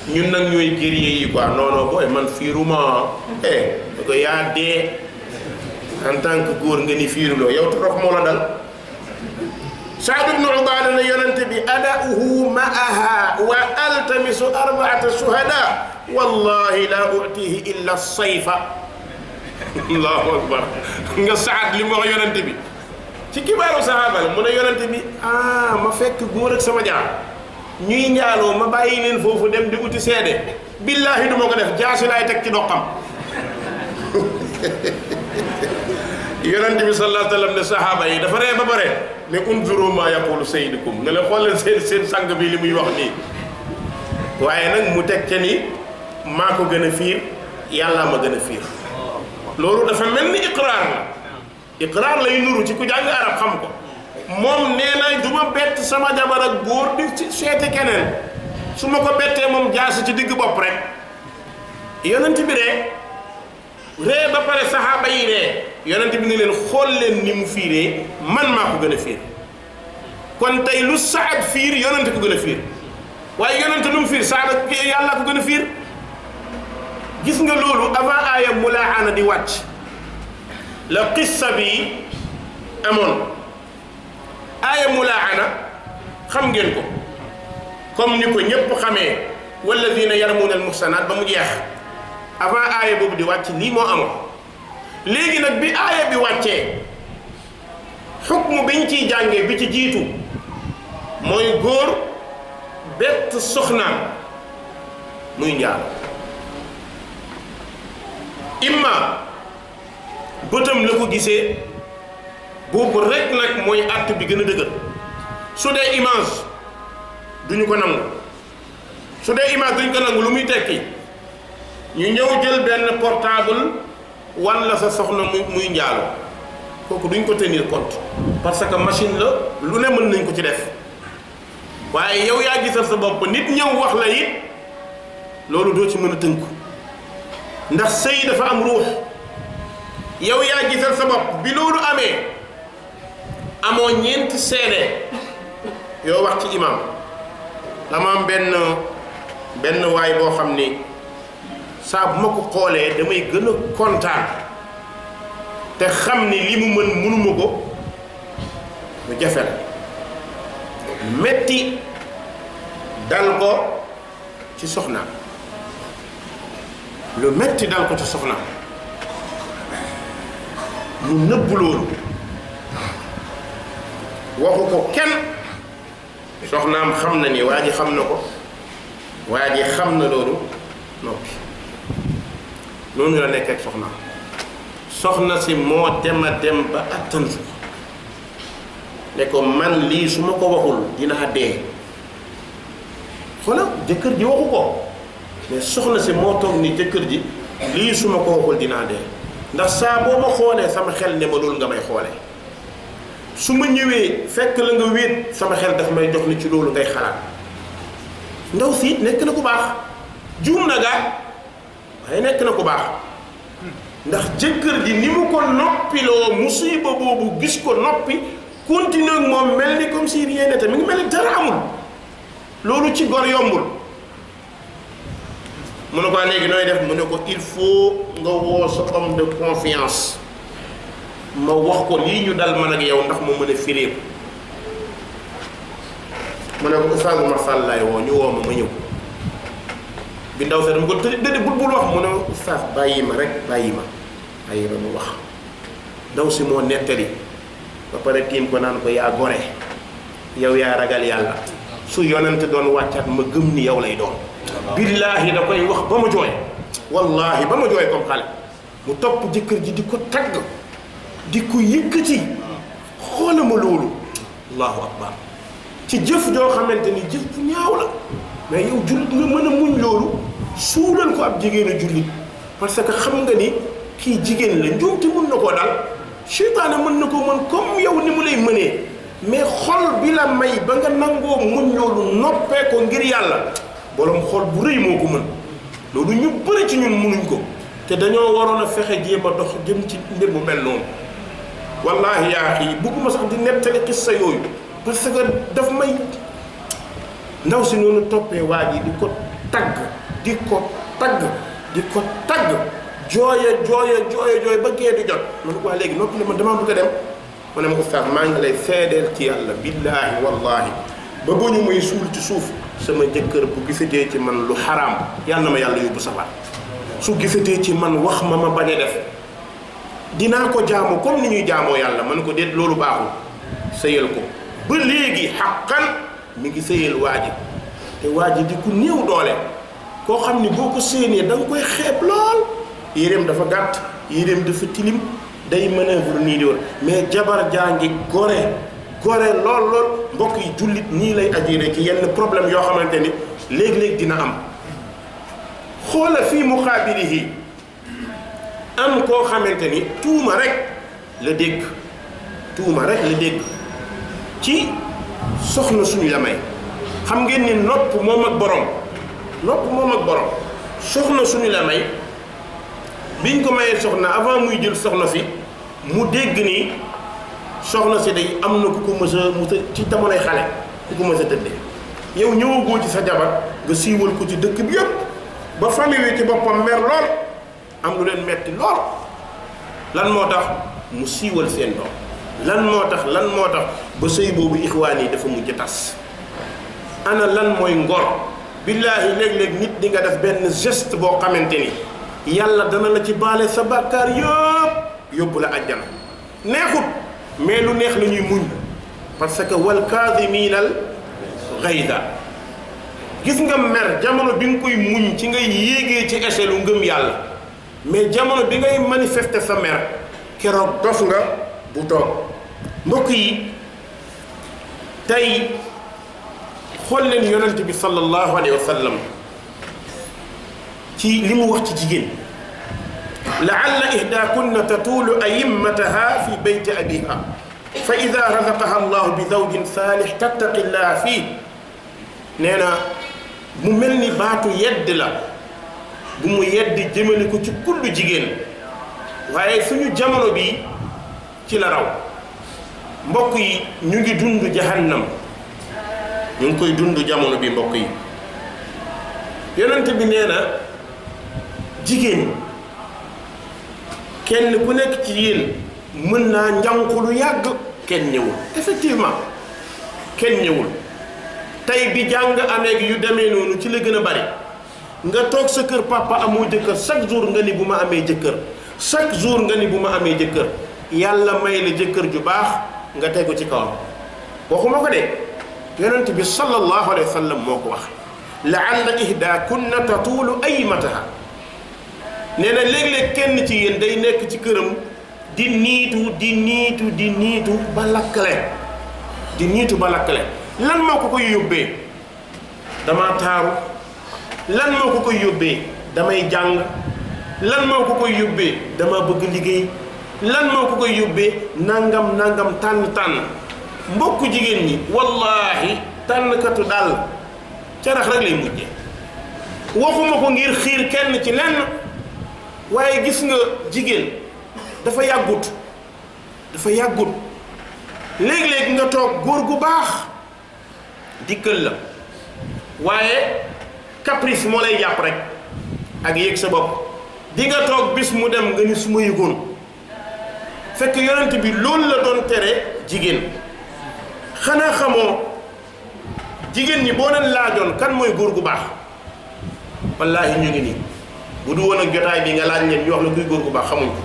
ñun nag ñooy guerrier yi quoi non non booy man fiiruma eh da ko yaa dee en góor nga ni fiiruloo yow torox moo la dal Saad ibnu Ubaada ne yonente bi adauhu maaha wa altamisu arbaata shuhada wallahi laa utihi illa sayfa allahu akbar nga Saad li mu wax yonente bi ci ah, ma fekk góor ak sama jaar ñuy njaaloo ma bàyyi leen foofu dem di uti seede billaahi du ko def jaasi laay teg ci doxam yonent bi sallallahu alayhi wa yi dafa ree ba bare ne unzuru ma yaqulu sayyidukum ne la xool seen seen sang bi li muy wax nii waaye nag mu teg ca ni maa ko gën a fiir yàllaa ma gën a fiir loolu dafa mel ni iqraar la iqraar lay nuru ci ku jàng arab xam ko moom nee na du ma bett sama jabar ak góor di ci seeti keneen su ma ko bettee moom jaasi ci digg bopp rek yonent bi ree ree ba pare saxaaba yi ree yonent bi ne leen xool leen ni mu fiiree man maa ko gën a fiir kon tey lu saad fiir yonent ko gën a fiir waaye yonent lu mu fiir saad ak yàlla ko gën a fiir gis nga loolu avant aaya mulaaxaana di wàcc la qissa bi amoon aaya mulaana xam ngeen ko comme ni ko ñëpp xamee walladina yarmuuna al muhsanaat ba mu jeex avant aaya boobu di wàcc lii moo amoon léegi nag bi aaya bi wàccee xukmu biñ ci jàngee bi ci jiitu mooy góor bett soxnaam muy njaalo imma bëtam la ko gisee boobu rek nag mooy àtt bi gën a dëgër su dee image duñu ko nangu su dee image duñu ko nangu lu muy tekki ñu ñëw jël benn portable wan la sa soxna muy muy njaalo kooku duñ ko tenir compte parce que machine la lu ne mën nañ ko ci def waaye yow yaa gisal sa bopp nit ñëw wax la it loolu doo ci mën a tënku ndax sëy dafa am ruux yow yaa gisal sa bopp bi loolu amee amoo ñeenti seede yow wax ci imaam dama benn benn waay boo xam ni saa bu ma ko xoolee damay gën a kontaan te xam ni li mu mën mënuma ko mu jafe la metti dal ko ci soxna lu metti dal ko ci soxna mu nëbb waxu ko kenn soxnaam xam na ni waa ji xam na ko waa ji xam na loolu noppi noonu la nekk ak soxnaam soxna si moo dema dem ba attantu ko ne ko man lii su ma ko waxul dinaa dee xoola jëkkër ji waxu ko mais soxna si moo toog ni jëkkër ji lii su ma ko waxul dinaa dee ndax saa boo ma xoolee sama xel ne ma loolu nga may xoolee su ma ñëwee fekk la nga wéet sama xel daf may jox ni ci loolu ngay xalaat ndaw si nekk na ku baax juum na gaa waaye nekk na ku baax ndax jëkkër ji ni mu ko noppiloo musiba boobu gis ko noppi continuer ak moom mel ni comme si rien n'était mi ngi mel ni dara amul loolu ci gor yombul mu ne ko ah, léegi nooy def mu ne ko il faut nga woo sa homme de confiance ma wax ko lii ñu dal man ak yow ndax ma mën a firéeku ma ne ko Oustaz Oumar Sall woo ñu woo ma ma ñëw bi ndaw sa dama ko tëj dëdd bul wax mu ne Oustaz bàyyi ma rek bàyyi ma bàyyi ma mu wax ndaw si moo nettali ba pare tiim ko naan ko yaa gore yow yaa ragal yàlla su yonente doon wàccaat ma gëm ni yow lay doon billaahi da koy wax ba ma jooy wallaahi ba ma jooy comme xale mu topp jëkkër ji di ko tagg di ko yëkkati xoolama loolu allahu akbar ci jëf joo xamante ni jëf bu ñaaw la mais yow jullit nga mën a muñ loolu suulal ko ab jigéen a jullit parce que xam nga ni kii jigéen la njuumte mën na koo dal seytaane mën na koo mën comme yow ni mu lay mënee mais xol bi la may ba nga nangoo muñ loolu noppee ko ngir yàlla borom xol bu rëy moo ko mën loolu ñu bëri ci ñun munuñ ko te dañoo waroon a fexe jéem a dox jëm ci mbir mu mel noonu wallaahi yaa xii bugguma sax di nettali xissa yooyu ba que daf may ndaw si noonu toppee waa yi di ko tagg di ko tagg di ko tagg jooya jooya jooya jooy ba gee di jot man ko waa léegi noppi ne man damaa bëgg a dem mu ne ma oustaz maa ngi lay seedeel ci yàlla billaahi wallaahi ba bu ñu muy suul ci suuf sama jëkkër bu gisatee ci man lu xaraam yàlla ma yàlla yóbbu safar su gisatee ci man wax ma ma bañ a def dinaa ko jaamoo comme ni ñuy jaamoo yàlla man ko déet loolu baaxul sëyal ko ba léegi xaqan mu ngi sëyal waa ji te waa ji di ku néew doole koo xam ni boo ko séenee da koy xeeb lool yéreem dafa gàtt yéreem dafa tilim day manœuvre nii di mais jabar jaa ngi gore gore lool lool mbokk yi jullit nii lay ajire ci yenn problème yoo xamante ni léeg-léeg dina am xoola fii muqaabilihi am koo xamante ni tuuma rek la dégg tuuma rek la dégg ci soxna suñu la may xam ngeen ni nopp moom ak boroom nopp moom ak borom soxna suñu la may biñ ko mayee soxna avant muy jël soxna si mu dégg ni soxna si day am na ku ko mës a mës a ci jamonoy xale ku ko mës a yow ñëwagoo ci sa jabar nga siiwal ko ci dëkk bi yëpp ba famille ci boppam mer lool am lu leen metti lool lan moo tax mu siiwal seen doom lan moo tax lan moo tax ba sëy boobu ixwaan yi dafa mujj tas ana lan mooy ngor billaahi léeg-léeg nit di nga def benn geste boo xamante ni yàlla dana la ci baale sa bàkkaar yëpp yóbbu la àjjana neexut mais lu neex lañuy ñuy muñ parce que wal kaasimiinal gayda gis nga mer jamono bi nga koy muñ ci ngay yéegee ci échelle u ngëm yàlla mais jamono bi ngay manifester sa mer keroog dof nga bu toog mbokk yi tey xool leen yonent bi sallallahu alayhi wa sallam ci li mu wax ci jigéen laalla ihdakunna tatulu ayimmataha fi bayti abiha fa ida razaqaha allahu bi zawjin saalih tattaqillaha fii nee na mu mel ni baatu yedd la bu mu yedd jëmale ko ci kullu jigéen waaye suñu jamono bi ci la raw mbokk yi ñu ngi dund jahannam ñu ngi koy dund jamono bi mbokk yi yonent bi nee na jigéen kenn ku nekk ci yéen mën naa njànku lu yàgg kenn ñëwul effectivement kenn ñëwul tey bi jàng amee yu demee noonu ci la gën a bari nga toog sa kër papa amoo jëkkër chaque jour nga ni bu ma amee jëkkër chaque jour nga ni bu ma amee jëkkër yàlla may la jëkkër ju baax nga tegu ci kawam waxuma ko de yonent bi sallallahu alayhi wa sallam moo ko wax la laalla ihda kunna tatuulu aymataha nee na léeg-léeg kenn ci yéen day nekk ci këram di niitu di niitu di niitu ba lakkale di niitu ba lakkale lan moo ko koy yóbbee dama taaru lan moo ko ko yóbbee damay jàng lan moo ko ko yóbbee dama bëgg liggéey lan moo ko ko yóbbee nangam nangam tànn tànn mbokku jigéen ñi wallaahi tànnkatu dàll carax rek lay mujje waxuma ko ngir xiir kenn ci lenn waaye gis nga jigéen dafa yàggut dafa yàggut léeg-léeg nga toog góor gu baax dikkal la waaye caprice moo lay jàpp rek ak yëg sa bopp di nga toog bis mu dem nga ni su ma yëgoon fekk yonent bi loolu la doon tere jigéen xanaa xamoo jigéen ñi boo leen laajoon kan mooy góor gu baax wallaahi ñu ngi nii bu du woon ak jotaay bi nga laaj ñen ñu wax la kuy góor gu baax xamuñ ko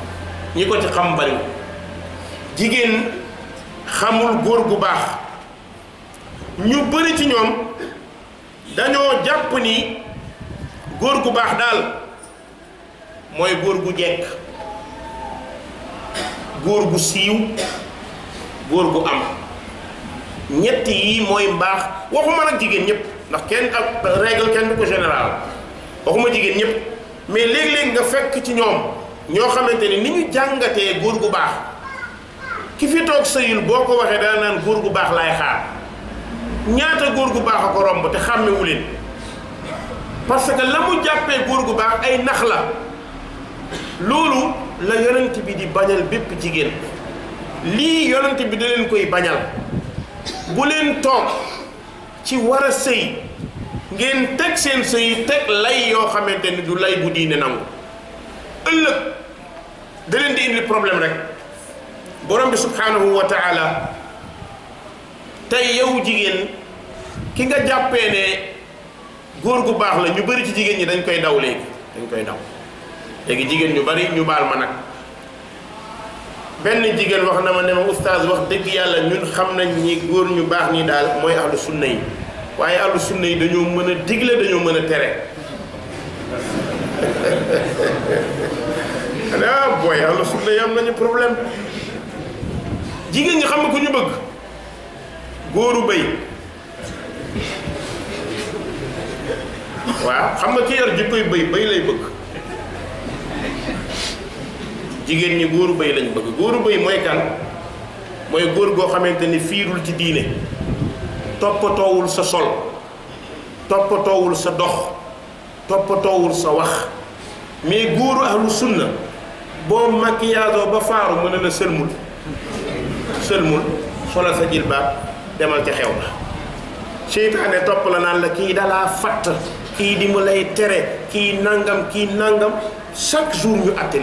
ñi ko ci xam bari jigéen xamul góor gu baax ñu bari ci ñoom dañoo jàpp ni góor gu baax daal mooy góor gu jekk góor gu siiw góor gu am ñett yi mooy mbaax waxuma nag jigéen ñëpp ndax kenn ak règle kenn du ko général waxuma jigéen ñëpp mais léegi léeg nga fekk ci ñoom ñoo xamante ni ni ñu jàngatee góor gu baax ki fi toog sëyul boo ko waxee dana naan góor gu baax laay xaar ñaata góor gu baax a ko romb te xàmmewu leen parce que la mu jàppee góor gu baax ay nax la loolu la yonent bi di bañal bépp jigéen lii yonent bi da leen koy bañal bu leen toog ci war a sëy ngeen teg seen sëy teg lay yoo xamante ni du lay bu diine nangu ëllëg da leen di indi problème rek borom bi subhanahu wa taala tey yow jigéen ki nga jàppee ne góor gu baax la ñu bari ci jigéen ñi dañ koy daw léegi dañ koy daw léegi jigéen ñu bari ñu baal ma benn jigéen wax na ma ne ma dëgg yàlla xam nañ ñi góor ñu baax ñi daal mooy ahlu sunna yi waaye ahlu sunna yi dañoo mën a digle dañoo mën a tere ah booy ahlu sunna yi am nañu problème jigéen ñi xam nga ku ñu bëgg góoru bëy waaw xam nga ki yor jikkoy bëy bëy lay bëgg jigéen ñi góoru bëy lañ bëgg góoru bëy mooy kan mooy góor goo xamante ni fiirul ci diine toppatoowul sa sol toppatoowul sa dox toppatoowul sa wax mais góoru ahlu sunna boo maquillage ba faaru mën na la sëlmul sëlmul solal sa jilbaab demal ci xew la seytaane topp la naan la kii dalaa fatt kii di mu lay tere kii nangam kii nangam chaque jour ñu atte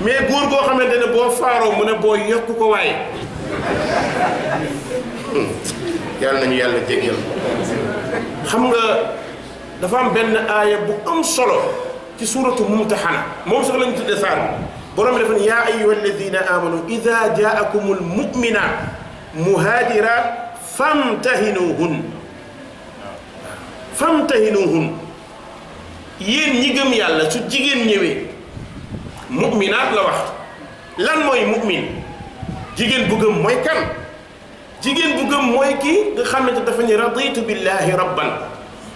mais góor goo xamante ne boo faaroo mu ne boo yokk ko waaye hmm. yàlla nañu yàlla jégal xam nga dafa am benn aaya bu am solo ci suuratu mumtaxana moom sax lañu tudde saar borom bi dafa ne yaa ayyuha alladina amanu ida jaakumul muminat muhaajiraat famtahinuhun famtahinuhun yéen ñi gëm yàlla su jigéen ñëwee mu'minaat la wax lan mooy mu'min jigéen bu gëm mooy kan jigéen bu gëm mooy kii nga xamante dafa ñu raditu billahi rabban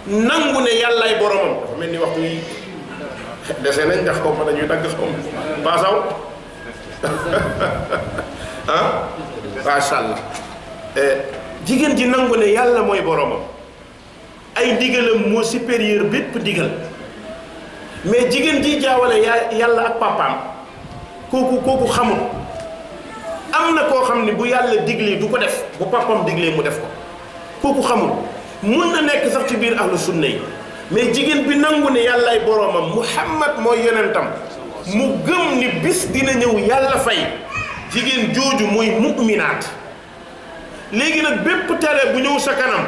nangu ne yàllaay boromam mel ni waxtu dese nañ ndax xaw ma dañuy dagg xaw ma paasaw ah? macha allah eh, jigéen ji nangu ne yàlla mooy boromam ay ndigalam moo supérieur bépp ndigal mais jigéen ji jaawale yàlla ak papaam kooku kooku xamul am na koo xam ne bu yàlla diglee du ko def bu papaam diglee mu def ko kooku xamul mun na nekk sax ci biir ahlu sunna yi mais jigéen bi nangu ne ay boromam muhammad mooy yonentam mu gëm ni bis dina ñëw yàlla fay jigéen jooju mooy mu'minaat léegi nag bépp télé bu ñëw sa kanam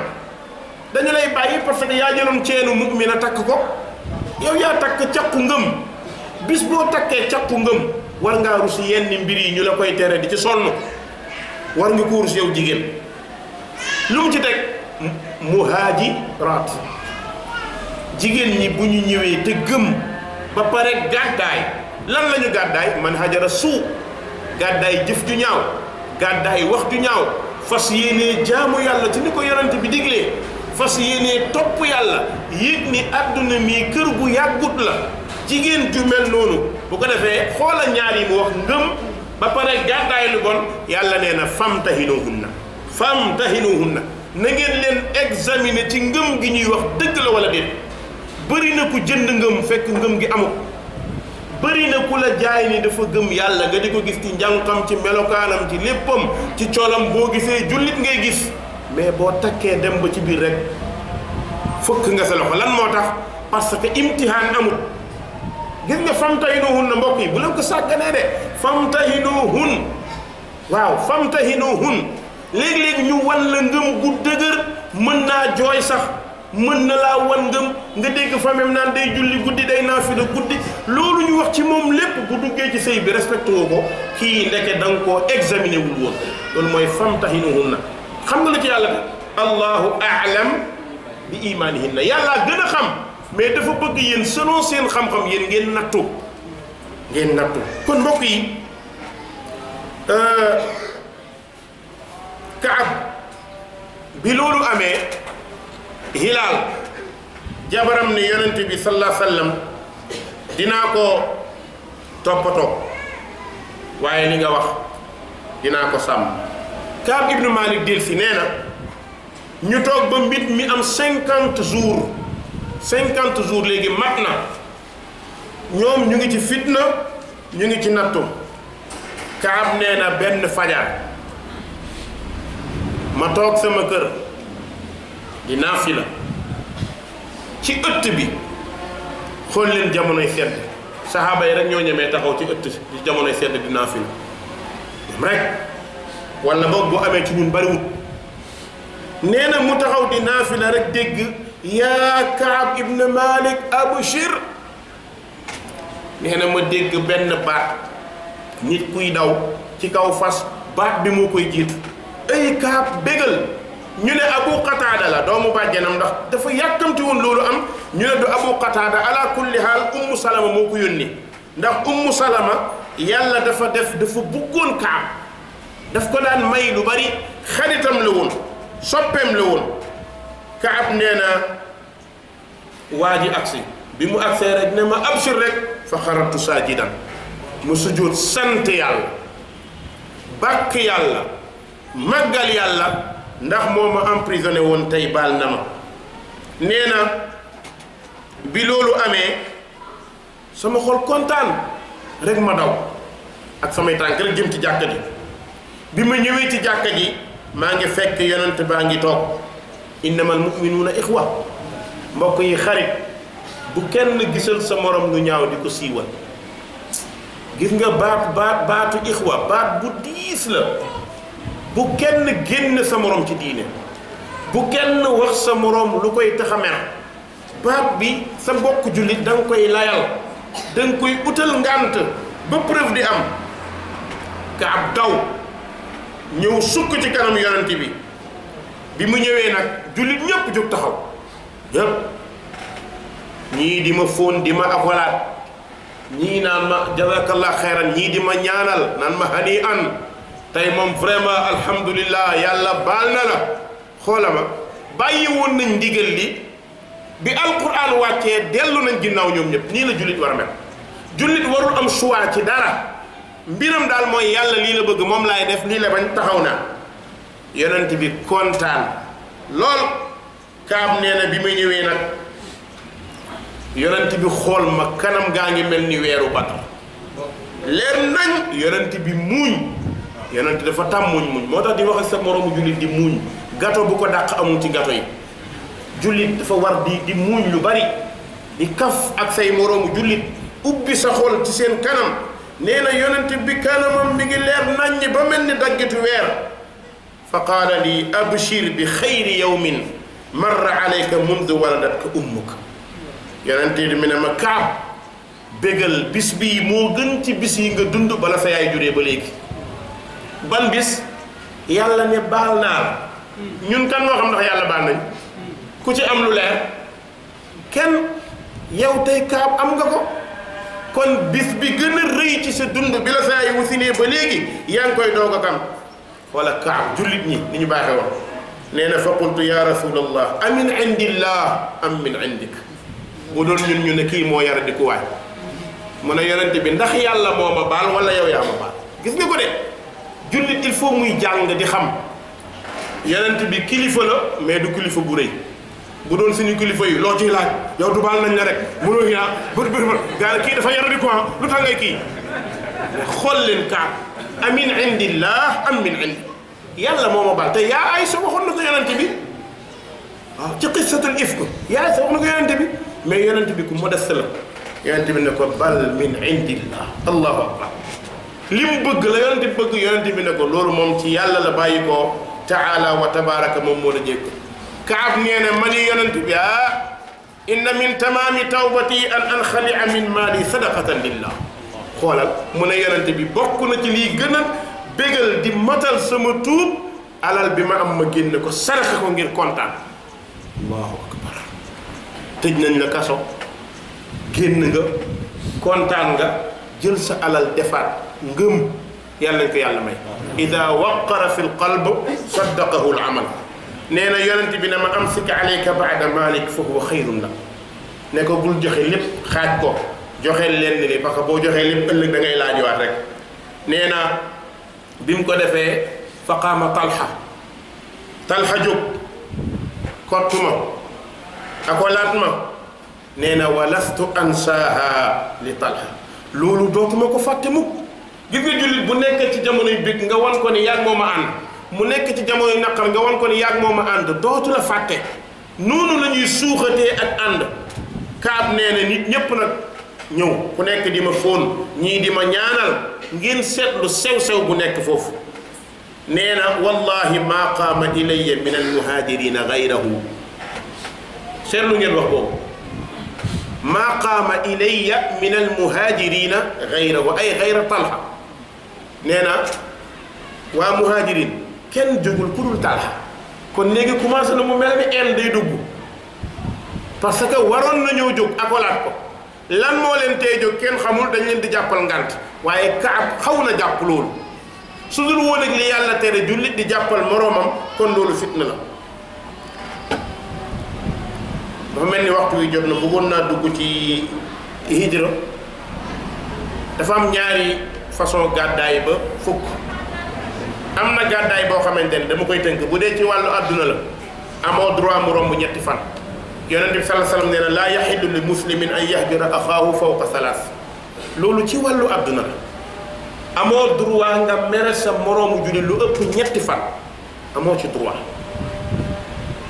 dañu lay bàyyi parce que yaa jëloon ceenu mu'mina takk ko yow yaa takk caqu ngëm bis boo takkee caqu ngëm war ngaa rus yenn mbir yi ñu la koy tere di ci sonn war nga ko rus yow jigéen lu mu ci teg muhaajiraat jigéen ñi bu ñu ñëwee te gëm ba pare gàddaay lan la ñu gàddaay man hajara suu gàddaay jëf ju ñaaw gàddaay wax ju ñaaw fas yéenee jaamu yàlla ci ni ko yonent bi diglee fas yéenee topp yàlla yéeg ni àdduna mii kër gu yàggut la jigéen ju mel noonu bu ko defee xoola ñaar yi mu wax ngëm ba pare gàddaay lu bon yàlla nee na famtahinuhunna famtahinuhunna na ngeen leen examiner ci ngëm gi ñuy wax dëgg la wala déet bëri na ku jënd ngëm fekk ngëm gi amul bëri na ku la jaay ni dafa gëm yàlla nga di ko gis ci njànqam ci melokaanam ci léppam ci coolam boo gisee jullit ngay gis mais boo takkee dem ba ci biir rek fëkk nga sa loxo lan moo tax parce que imtihaan amul gis nga famtahinuhun na mbokk yi bu la ko sàgganee de famtahinuhun waaw famtahinuhun léeg-léeg ñu wan la ngëm gu dëgër mën naa jooy sax mën na laa wan ngëm nga dégg famem naan day julli guddi day naafila guddi loolu ñu wax ci moom lépp bu duggee ci sëy bi respecté woo ko kii ndeke da nga koo examiné wul woon loolu mooy famtahinuhunna xam nga lu ci yàlla te allahu aalam bi imaanihinna yàllaa gën a xam mais dafa bëgg yéen selon seen xam-xam yéen ngeen nattu ngeen nattu kon mbokk yi euh, bi loolu amee hilaal jabaram ne yonente bi sallallahu alayhi wa sallam dinaa ko toppatoo waaye li nga wax dinaa ko sàmm Kaab ibnu Malik del si nee na ñu toog ba mbit mi am cinquante jours cinquante jours léegi mag na ñoom ñu ngi ci fitna ñu ngi ci nattu Kaab nee na benn fajar ma toog sama kër dinaa fi la ci ëtt bi xool leen jamonoy sedd saxaaba yi rek ñoo ñemee taxaw ci ëtt ci jamonoy sedd dinaa fi dem rek wala boog bu amee ti ñun bariwut nee na mu taxaw di naafila rek dégg yaa Kaab ibn Malik abshir nee na ma dégg benn baat nit kuy daw ci kaw fas baat bi moo koy jiitu ay Kaab bégal ñu ne abu qataada la doomu bàjjanam ndax dafa yàkkamti woon loolu am ñu ne du abu qataada ala kulli haal ummu salama moo ko yónni ndax ummu salama yàlla dafa def dafa bëggoon kaab daf ko daan may lu bari xaritam la woon soppeem la woon kaab nee na waa ji agsi bi mu agsee rek ne ma absir rek fa xaratu saajidan mu sujjóot sant yàlla bàkk yàlla màggal yàlla ndax moo ma emprisonné woon tey baal na ma nee na bi loolu amee sama xol kontaan rek ma daw ak samay tànk rek jëm ci jàkka ji bi ma ñëwee ci jàkka ji maa ngi fekk yonent baa ngi toog innamal muminuuna ixwa mbokk yi xarit bu kenn gisal sa morom lu ñaaw di ko siiwal gis nga baat baatu ixwa baat bu diis la bu kenn génn sa moroom ci diine bu kenn wax sa moroom lu koy tax a baat bi sa mbokk jullit da koy layal da koy utal ngànt ba preuve di am ka ab daw ñëw sukk ci kanam yonent bi bi mu ñëwee nag jullit ñépp jóg taxaw ñépp ñii di ma fóon di ma avalaat ñii naan ma jazakallah xeeran ñii di ma ñaanal naan ma hani an tey moom vraiment alhamdulillah yàlla baal na la xoola ma bàyyi woon nañ ndigal li bi alquran wàccee dellu nañ ginnaaw ñoom ñëpp nii la jullit war a mel jullit warul am choix ci dara mbiram daal mooy yàlla lii la bëgg moom laay def lii la bañ taxaw naa yonent bi kontaan lool kaab nee na bi ma ñëwee nag yonent bi xool ma kanam gaa ngi mel ni weeru bat leer nañ yonent bi muuñ yonent dafa tàmm muñ muñ moo tax di wax ak sa moroomu jullit di muñ gato bu ko dàq amul ci gato yi jullit dafa war di di muñ lu bari di kaf ak say moroomu jullit ubbi sa xol ci seen kanam nee na yonent bi kanamam mi ngi leer naññ ba mel ni daggitu weer fa qaala li abshir bi xayri yawmin marra alayka mundu waladatka ummuk yonent bi mi ne ma kaab bégal bis bii moo gën ci bis yi nga dund bala sa yaay juree ba léegi ban bis yàlla ne baal naa la ñun kan moo xam ndax yàlla baal nañ ku ci am lu leer kenn yow tey kaab am nga ko kon bis bi gën a rëy ci sa dund bi la saa yi wasinee ba léegi yaa ngi koy doog a kam wala kaab jullit ñi ni ñu baaxee woon nee na fa qultu ya rasulallah amin indillah am min indik bu doon ñun ñu ne kii moo yara di ku waay mu ne yonente bi ndax yàlla moo ma baal wala yow yaa ma baal gis nga ko de jullit il faut muy jàng di xam yonent bi kilifa la mais du kilifa bu rëy bu doon suñu kilifa yi loo ciy laaj yow du baal nañ la rek mënoo ñaa bët bët gaal kii dafa yara di ko lu tax ngay kii xool leen kaat amin indillah am min indi yàlla moo ma baal te yaa Aysa waxoon na ko yonent bi waaw ah, ci qissatul ifk yaa Aysa ko yonent bi mais yonent bi ku modeste la yonent bi ne ko bal min indillah allahu akbar li mu bëgg la yonente bi bëgg yonente bi ne ko loolu moom ci yàlla la bàyyi koo taala wa tabaraka moom moo la jégg kaab nee na ma ni bi ah inna min tamaami tawbati an anxalia min maali sadaqatan lillah xoolal mu ne yonente bi bokk na ci liy gën a bégal di matal sama tuub alal bi ma am ma génn ko saraxe ko ngir kontaan allahu akbar tëj nañ la kaso génn nga kontaan nga jël sa alal defaat ngëm yàlla nañ ko yàlla may ida waqara fi lqalb saddaqahu l amal nee na yonent bi ne ma amsik alayka baada malik fa huwa xayrun la ne ko bul joxe lépp xaaj ko joxe lenn li parce que boo joxee lépp ëllëg da ngay laajuwaat rek nee na bi mu ko defee fa qaama talxa talxa jóg kottu ma akolaat ma nee na walastu ansaaha li talxa loolu dootuma ko fàtte mukk gis nga jullit bu nekk ci jamonoy bég nga wan ko ni yaag moo ma ànd mu nekk ci jamonoy naqar nga wan ko ni yaag moo ànd dootu la fàtte noonu la ñuy suuxatee ak ànd kaab nee na nit ñépp nag ñëw ku nekk di ma fóon ñii di ma ñaanal ngeen seetlu sew-sew bu nekk foofu nee na wallahi maa qaama ilayya min almuhaajirina gayrahu seetlu ngeen wax boobu maa qaama ilayya min almuhaajirina gayrahu ay gayra talha nee na waa muhajirin kenn jógul ku dul Talha kon léegi commencé na mu mel ni en day dugg parce que waroon na ñëw jóg akolaat ko lan moo leen tey jóg kenn xamul dañ leen di jàppal ngant waaye Kaab xaw na jàpp loolu su dul woon ak li yàlla tere jullit di jàppal moroomam kon loolu fitna la dafa mel ni waxtu wi jot na bëggoon naa dugg ci hijra dafa am ñaari façon gàddaay ba fukk am na gàddaay boo xamante ne dama koy tënk bu dee ci wàllu àdduna la amoo droit mu romb ñetti fan yonent bi sallallahu alayhi wasallam nee na laa yaxidu li muslimin an yahjura axaahu fawqa salaas loolu ci wàllu àdduna la amoo droit nga mere sa moroomu jullit lu ëpp ñetti fan amoo ci droit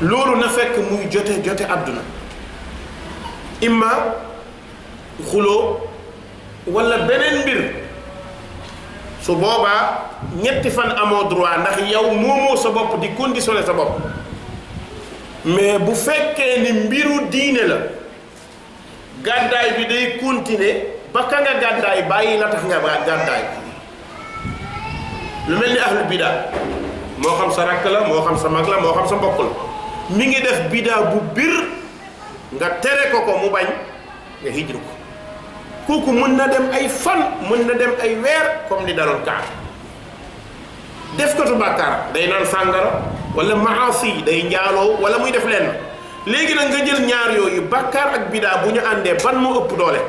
loolu na fekk muy jote jote àdduna imma xuloo walla beneen mbir su boobaa ñetti fan amoo droit ndax yow moomoo sa bopp di di conditionné sa bopp mais bu fekkee ni mbiru diine la gàddaay bi day continuer ba ka nga gàddaay bàyyi la tax nga gàddaay lu mel ni ahlu bida moo xam sa rakk la moo xam sa mag la moo xam sa mbokk la mi ngi def bida bu bir nga tere ko ko mu bañ nga hijru ko kooku mën na dem ay fan mën na dem ay weer comme li daloon kaar def bàkkaar day naan sàngara wala maasi day njaaloo wala muy def lenn léegi nag nga jël ñaar yooyu bàkkaar ak bidaa bu ñu àndee ban moo ëpp doole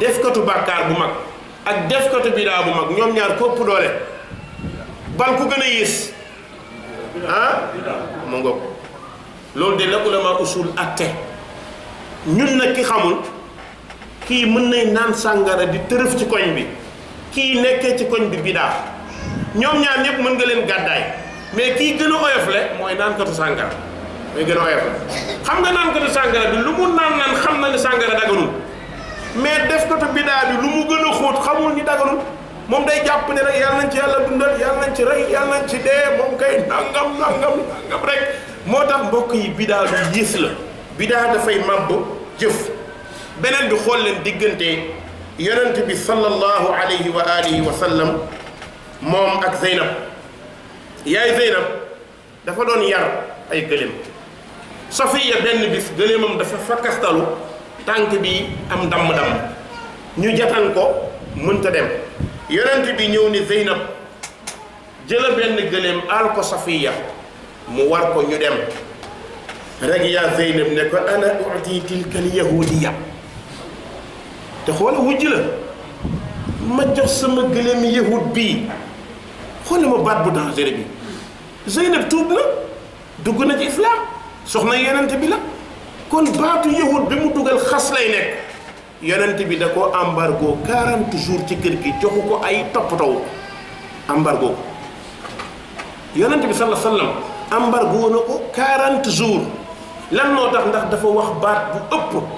def ko bàkkaar bu mag ak def ko tu bidaa bu mag ñoom ñaar ko ëpp doole bal ku gën a yées ah mu ngoog loolu de la ulama usul atte ñun nag ki xamul kii mën nay naan sàngara di tërëf ci koñ bi kii nekkee ci koñ bi bidaa ñoom ñaan ñëpp mën nga leen gàddaay mais kii gën a oyof le mooy naan katu sàngara mooy gën a xam nga naan katu sàngara bi lu mu naan xam na ni sàngara daganul mais def katu bidaa bi lu mu gën a xóot xamul ni daganul moom day jàpp ne rek yàlla nañ ci yàlla dundal yàlla nañ ci rey yàlla nañ ci dee moom kay nangam nangam nangam rek moo tax mbokk yi bidaa bi yées la bidaa dafay màbb jëf beneen bi xool leen diggante yonent bi sallallahu alayhi wa wa sallam moom ak Zeynab yaay Zeynab dafa doon yar ay gëléem Safiya benn bi gëléemam dafa fakkastalu tànk bi am damm-damm ñu jatan ko mënta dem yonent bi ñëw ni Zeynab jëla benn gëléem aal ko Safiya mu war ko ñu dem rek yaa Zeynab ne ko ana uti tilka al te xoola wujj la ma jox sama gëléem yahut bii xoola ma baat bu dangereux bi Zeynab tuub na dugg na ci islaam soxna yonent bi la kon baatu yahut bi mu tugal xas lay nekk yenent bi da koo embargo 40 jours ci kër gi joxu ko ay toppatoo embargo yenent bi salla sallam embargo na ko 40 jour lan noo tax ndax dafa wax baat bu ëpp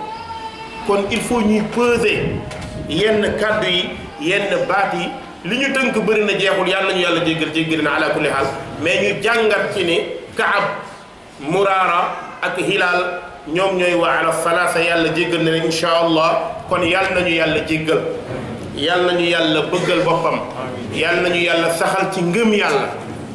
kon il faut ñuy peser yenn kàddu yi yenn baat yi li ñu tënk bëri na jeexul yàlla ñu yàlla jéggal jéggal na ala kulli xaal mais ñu jàngat ci ni Kaab Muraara ak Hilaal ñoom ñooy waa salaasa yàlla jéggal na leen incha allah kon yàlla nañu yàlla jéggal yàlla nañu yàlla bëggal boppam yàlla nañu yàlla saxal ci ngëm yàlla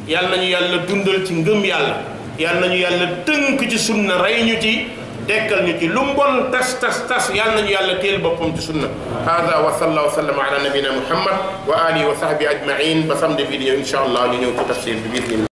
yàlla nañu yàlla dundal ci ngëm yàlla yàlla tënk ci sunna rey ñu ci dekkal ñu ci lu mbon tas tas tas yàlla nañu yàlla téel boppam ci sunna hada wa sallallahu sallam ala nabina muhammad wa alihi wa sahbi ajmain ba samedi bi di ñëw incha allah ñu ñëw ci tafsir bi biir